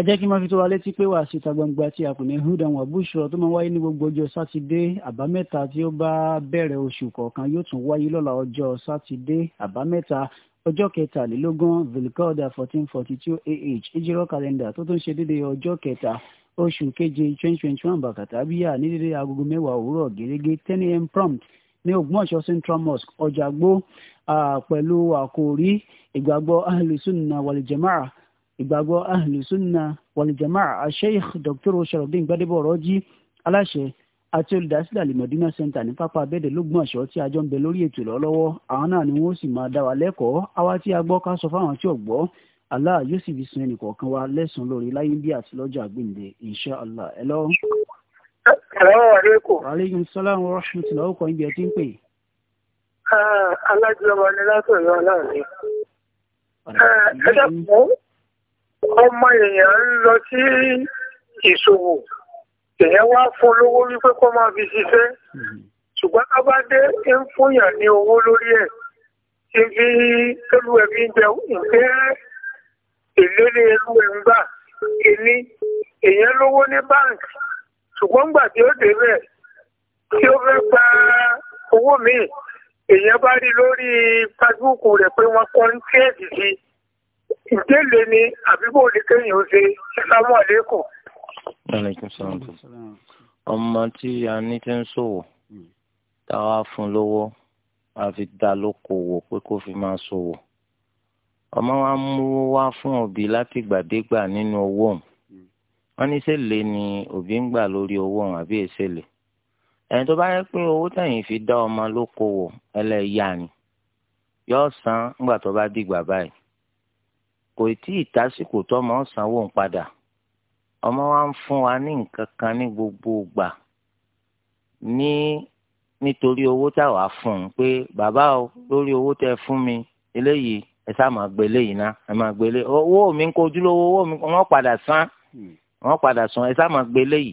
ẹ jẹ́ kí n máa fi tó wa létí pé wàá síta gbangba tí a kò ní húdà wọn àbúṣọ tó máa wáyé ní gbogbo ọjọ́ sátidé àbámẹ́ta tí ó bá bẹ̀rẹ̀ oṣù kọ̀ọ̀kan yóò tún wáyé lọ́la ọjọ́ sátidé àbámẹ́ta ọjọ́ kẹtàlélógún vilkoda fourteen forty two ah ìjírọ̀ kàlẹ́ndà tó tún ṣe déédéé ọjọ́ kẹta oṣù keje twenty twenty one bàkàtà bíyà ní déédéé agogo mẹ́wàá òwúrọ̀ gẹ́gẹ́ ten a.m. prompt ní Ògbómọ̀ṣọ́ Central Mosque Ọjàgbó pẹ̀lú àkòrí ìgbàgbọ́ ahlùsùn náà wàlìjẹ̀máà ìgbàgbọ́ ahlu sunna wal jamaa asheikh dr sharafdin gbadebo ọ̀rọ̀jì aláṣẹ àti olùdásílẹ̀ alimọ̀dínà sẹ́ńtà ní pápá abẹ́dẹ̀ lọ́gbọ̀nsọ̀ tí a jọ ń bẹ lórí ètò lọ́wọ́ àwọn náà ni wọ́n sì máa dá wa lẹ́kọ̀ọ́ àwa tí a gbọ́ ká sọ fáwọn tí ò gbọ́ Allah yóò sì fi sun ẹnìkọ̀ọ̀kan wa lẹ́sàn-án lórí láyé bí àti lọ́jọ́ àgbéǹde insha Allah ẹ lọ. salaamaleykum. aleykum salaam wa rahmatulah ọkọ ibi ẹ ti ń pè. Ah, alájọba ni látọ̀ yọ aláàbẹ̀. Ah, ẹ ọmọ èèyàn ń lọ sí ìṣòwò èèyàn wá fún lówó wípé kó máa fi ṣiṣẹ́ ṣùgbọ́n ká bá dé ń fúnyàn ní owó lórí ẹ̀ tí fi tólú ẹbí ń jẹ ìgbé ìlélẹ̀ ẹlú ẹ̀ ń gbà kíní èèyàn lówó ní báǹkì ṣùgbọ́n gbà tí ó débẹ̀ tí ó fẹ́ gba owó míì èèyàn bá rí lórí facebook rẹ̀ pé wọ́n kọ́ ń tíyẹ̀dì sí i ìdélé ni àbíbò lè kéyìn ó ṣe ṣẹlámù àlékún. ọmọ tí a ní ti ń ṣòwò hmm. táwa fún lówó a fi dá lókòwò pé kó fi máa ṣòwò ọmọ wa mú wá fún òbí láti gbàdégbà nínú owó òun hmm. wọn ní sèlè ni òbí ń gbà lórí owó òun àbí èsèlè ẹni tó bá yẹ pé owó tẹ̀yìn fi dá ọmọ lókòwò ẹlẹ́yà ni yóò san ńgbà tó bá dìgbà báyìí kò tí ì tásìkò tó ọmọ sanwó ń padà ọmọ wa ń fún wa ní nǹkan kan ní gbogbo ìgbà ní nítorí owó táwa fún un pé bàbá o lórí owó tẹ fún mi eléyìí ẹ sá máa gbé eléyìí ná ẹ máa gbé eléyìí owó mi ń kojú lówó owó mi wọ́n padà san hmm. wọ́n padà san ẹ sá máa gbé eléyìí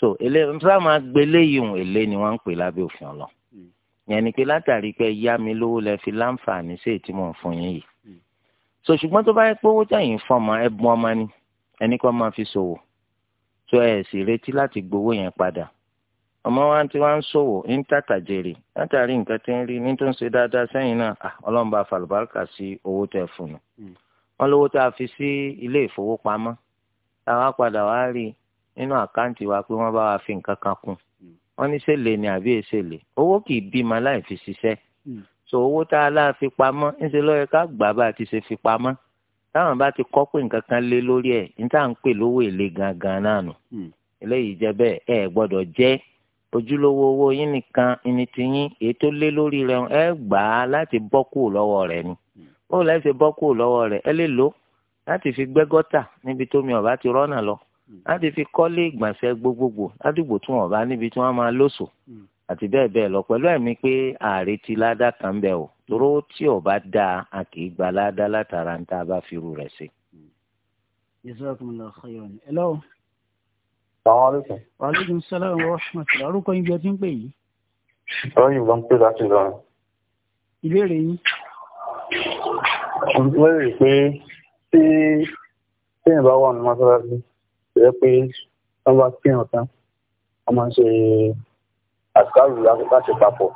so eléyìí sá máa gbé eléyìí òun èlé ni wọ́n ń pè lábẹ́ òfin ọlọ hmm. yẹn ni pé látàrí pé yá mi lówó lẹ fi láǹfààní sí ètí mò ń fún yín yìí so ṣùgbọ́n tó bá yẹ pé owó tẹ̀yìn fún ọmọ ẹ̀bùn ọmọ ni ẹni kọ́ máa fi ṣòwò tó ẹ̀ sì retí láti gbowó yẹn padà ọmọ wa ti wá ń ṣòwò ń tàtà jèrè látàrí nǹkan tí ń rí ní tó ń ṣe dáadáa sẹ́yìn náà ah, ọlọ́run bá falùbáríkà sí owó tẹ̀ fún un hmm. wọn lówó tá a fi sí ilé ìfowópamọ́ táwa padà wá rí nínú àkáǹtì wa pé wọ́n bá wa fi nǹkan kan kún hmm. wọ́n ní ṣèlè ni àbí èṣèlè owó kì í bímọ láì fi ṣiṣẹ́ hmm so owó tá a lá fi pamọ́ ńṣe ló yẹ ká gbà bá a ti ṣe fi pamọ́ táwọn bá ti kọ́ pé nǹkan kan lé lórí ẹ̀ ní tá à ń pè lówó èlé gangan náà nù hmm. eléyìí jẹ́ bẹ́ẹ̀ ẹ gbọ́dọ̀ jẹ́ ojúlówó owó yín nìkan ẹni tí yín èyí tó lé lórí rẹ̀ ẹ gbà á láti bọ́ kúrò lọ́wọ́ rẹ̀ ni ó lẹ́ẹ̀ fi bọ́ kúrò lọ́wọ́ rẹ̀ ẹ lè lò ó láti fi gbẹ́ gọ́tà níbi tómi ọ̀bá ti rọ́nà lọ hmm. láti fi kọ́lé ìgbọ̀nsẹ̀ gbogbogbò ládùúgbò tí wọ́n bá níbi tí wọ́n máa lóṣòó hmm àti bẹ́ẹ̀ bẹ́ẹ̀ lọ pẹ̀lú ẹ̀mí pé ààrẹ ti ládà kan bẹ̀ ò lóró tí ò bá dáa a kì í gba ládà látara ń tá a bá fi irú rẹ̀ ṣe. Jazakumullahu khairan. Hello. alaikum. Wa alaikum salam wa rahmatullahi. Orúkọ ibi ọtí ń pè yìí. Lọ́yìn ló ń pè láti Ìlọrin. Ìbéèrè yín. Mo bẹ̀rẹ̀ pé tí téèyàn bá wà ní mọ́ṣáláṣí, ṣe é pé wọ́n bá kírun tán, wọ́n máa ń ṣe àsìkárù láti papọ̀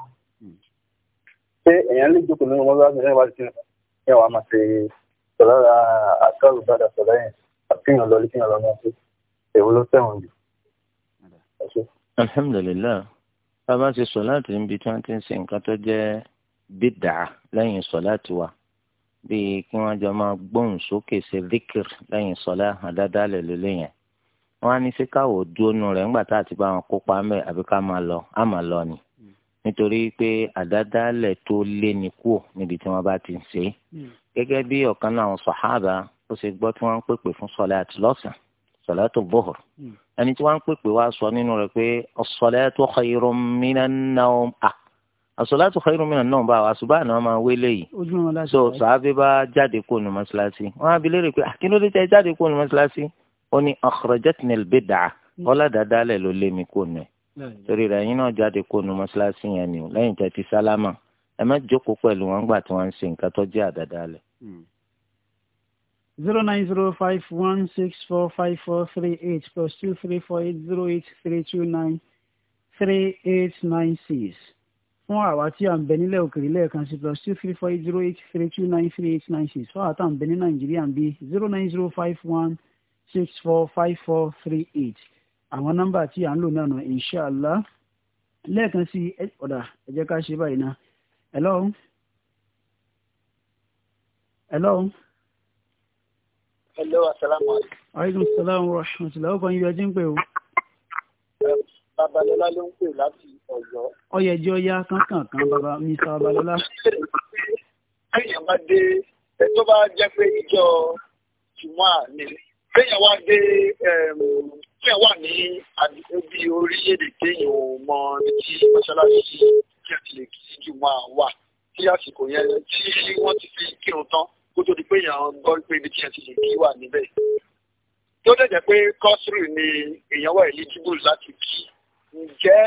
ṣé èèyàn lè jókòó nínú wọn láti ṣẹlẹ̀ wá sí yẹn wàá máa ṣe sọlára àsìkárù padà sọlá yẹn àfihàn lọ lékìyàn lọ náà sí èwo ló tẹ̀wọ̀n jù. alhamdulilayi bàbá ṣe sọ láti níbi tí wọ́n ti ń ṣe nǹkan tó jẹ́ bídà lẹ́yìn sọ láti wà bíi kí wọ́n jọ máa gbóhùn sókè ṣe díkìr lẹ́yìn sọlá àdádálẹ̀ lélẹ́yìn wọn á ní ṣé káwọ dúró nù rẹ ńgbà tá a ti bá wọn kópa mẹ àbí ká máa lọ á máa lọ ni nítorí pé àdádálẹ̀ tó lé ní kúò níbi tí wọ́n bá ti ń ṣe é hmm. gẹ́gẹ́ bí ọ̀kan náà àwọn sàhábà ó ṣe gbọ́ tí wọ́n ń pèpè fún sọláàtì lọ́sàn sọláàtì bọ́ọ̀rù hmm. ẹni tí wọ́n ń pèpè wá sọ nínú rẹ̀ pé as-salatu khayrun minan nawm à as-salatu khayrun minan nawm bá wa ṣùgbọ́n àná máa wélé yìí so sàábé bá jáde kó nu mọ́ṣáláṣí á bi léèrè pé àkínúdé tẹ jáde kó nu ó ní akhrajatni al-bid'ah bọ́lá hmm. dáadáa lẹ̀ ló lé mi kó nù ẹ̀ torí rẹ̀ yín náà jáde kó nu mọ́ṣáláṣí yẹn ni lẹ́yìn tẹ́ ti sálámà ẹ má jókòó pẹ̀lú wọn gbà tí wọ́n ń ṣe nǹkan tó jẹ́ àdáadáa lẹ̀. Hmm. zero nine zero five one six four five four three eight plus two three four eight zero eight three two nine three eight nine six fún àwa tí à ń bẹ nílẹ̀ òkèèrè lẹ́ẹ̀kan sí plus two three four eight zero eight three two nine three eight nine six fún àwa tá à ń bẹ ní nàìjíríà ń bí zero nine zero five one six four five four three eight àwọn nọ́mbà tí à ń lò náà nù inshàlá lẹ́ẹ̀kan sí ọ̀dà ẹ jẹ́ ká ṣe báyìí náà hello hello. hello asalaamualeykum. aleykum salaam wa rahmatulah ó kàn yín bí ọtí ń pè o. babalọla ló ń pè láti Ọ̀yọ́. ọyẹjẹ ọya kankan kan baba mr babalọla. ẹ̀yìn bá dé tó bá jẹ́ pé ìjọ jùmọ̀ ní kéèyàn wá dé kéèyàn wà ní àdìgbòbí orílẹ̀-èdè kéèyàn ò mọ tí mọ́ṣáláṣí kí a ti lè kí kí wọ́n wà kí àsìkò yẹn tí wọ́n ti fi kírun tán kó tó di pé èèyàn gbọ́ pé ibi tí a ti lè kí wà níbẹ̀. tó dẹ̀ jẹ́ pé kọ́sùrù ni èèyàn wà eligible láti kí ǹjẹ́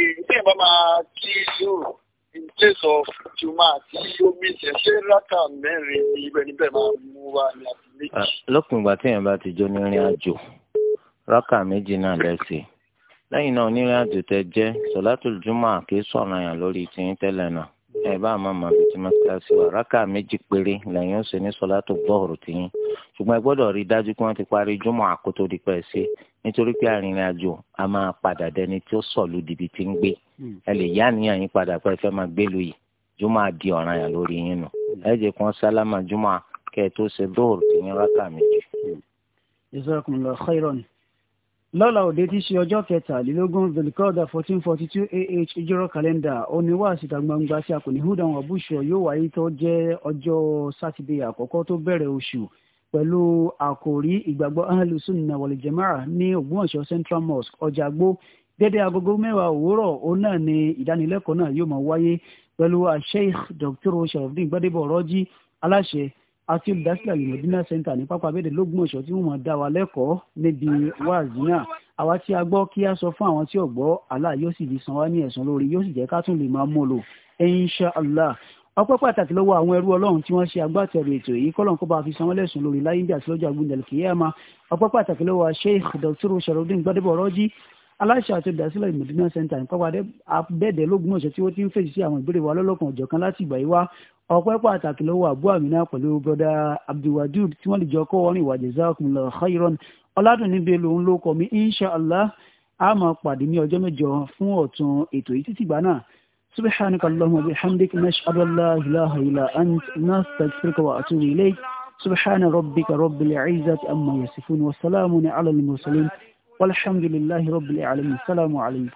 èyí tí èèyàn bá máa kí yóò in place of juma àti omi ṣẹṣẹ rákà mẹ́rin ibẹ̀ níbẹ̀ máa mú wa ní àti méjì. lópin ìgbà téèyàn bá ti jó nírìn àjò rákà méjì náà lẹ́sìn lẹ́yìn náà onírìn àjò tẹ jẹ́ sọ̀látùl júmọ̀ yàn lórí tìyín náà ẹ bá a máa ma bìtì mọ́sálásí wa rákà méjì péré lẹ́yìn ọ̀sẹ̀ ní sọlá tó gbọ́ọ̀rọ̀ tì yín ṣùgbọ́n ẹ gbọ́dọ̀ rí i dájú pé wọ́n ti parí júmọ̀ àkótó di pẹ́ sí nítorí pé arìnrìn àjò a máa padà dẹni tí ó sọ̀lù dìbì tí ń gbé ẹ lè yá àníyàn yín padà pé ẹ fẹ́ máa gbélu yìí júmọ̀ á ọ̀ràn yà lórí yín nù ẹ jẹ́ kí wọ́n sálámà júmọ̀ kẹ́ tó ṣe gbọ́ọ̀rọ̀ tì yín rákà méjì lọ́la òde tí í ṣe ọjọ́ kẹtàlélógún velikọ́dà fourteen forty two ah ìjírọ̀ kàlẹ́ndà oníwà síta gbangba tí a kò ní húdàn ọ̀bùṣọ yóò wáyé tó jẹ́ ọjọ́ sátidé àkọ́kọ́ tó bẹ̀rẹ̀ oṣù pẹ̀lú àkòrí ìgbàgbọ́ ahlùsùnà wàlìjẹ̀mára ní ògbómọ̀ṣọ́ central mosque ọjàgbó dédé agogo mẹ́wàá òwúrọ̀ òun náà ni ìdánilẹ́kọ̀ọ́ náà yóò máa wáyé pẹ̀lú sheikh dr sharafdin gbadebo rọ́jí aláṣẹ àti olùdásílẹ̀ alimọ̀dínà center ní pápá abẹ́dẹ̀ lógúnmọ̀ṣọ́ tí wọ́n máa dá wa lẹ́kọ̀ọ́ níbi wáàzì náà àwa tí a gbọ́ kí a sọ fún àwọn tí ò gbọ́ Allah yóò sì fi san wá ní ẹ̀san lórí yóò sì jẹ́ ká tún lè máa mú lò insha allah ọpẹ́ pàtàkì lọ́wọ́ àwọn ẹrú ọlọ́run tí wọ́n ṣe agbátẹrù ètò yìí kọ́lọ́n kó bá fi san wọ́n lẹ́sùn lórí láyé bí àti aláṣẹ àti olùdásílẹ̀ ìmọ̀dúnà center nípa abẹ́ẹ̀dẹ́ lógún ọ̀sẹ̀ tí wọ́n ti ń fèsì sí àwọn ìbéèrè wa lọ́lọ́kan ọ̀jọ̀kan láti ìgbà yìí wá ọpẹ́ pàtàkì lọ́wọ́ àbú àmìnà pẹ̀lú broda abdulwadud tí wọ́n lè jọ kọ́ orin wa jazakumullahu khairan ọ̀làdùnní bẹ́ẹ̀ lòun ló kọ́ mi inshàlá a máa pàdé ní ọjọ́ mẹ́jọ fún ọ̀tún ètò yìí títí gbà náà subhanaka allahumma bihamdik nashhadu an la ilaha illa ant nastaghfiruka wa atubu ilayk subhana rabbika rabbil izzati amma yasifun wa salamun ala al mursalin walhamdulillahi rabbil alamin salamu alaykum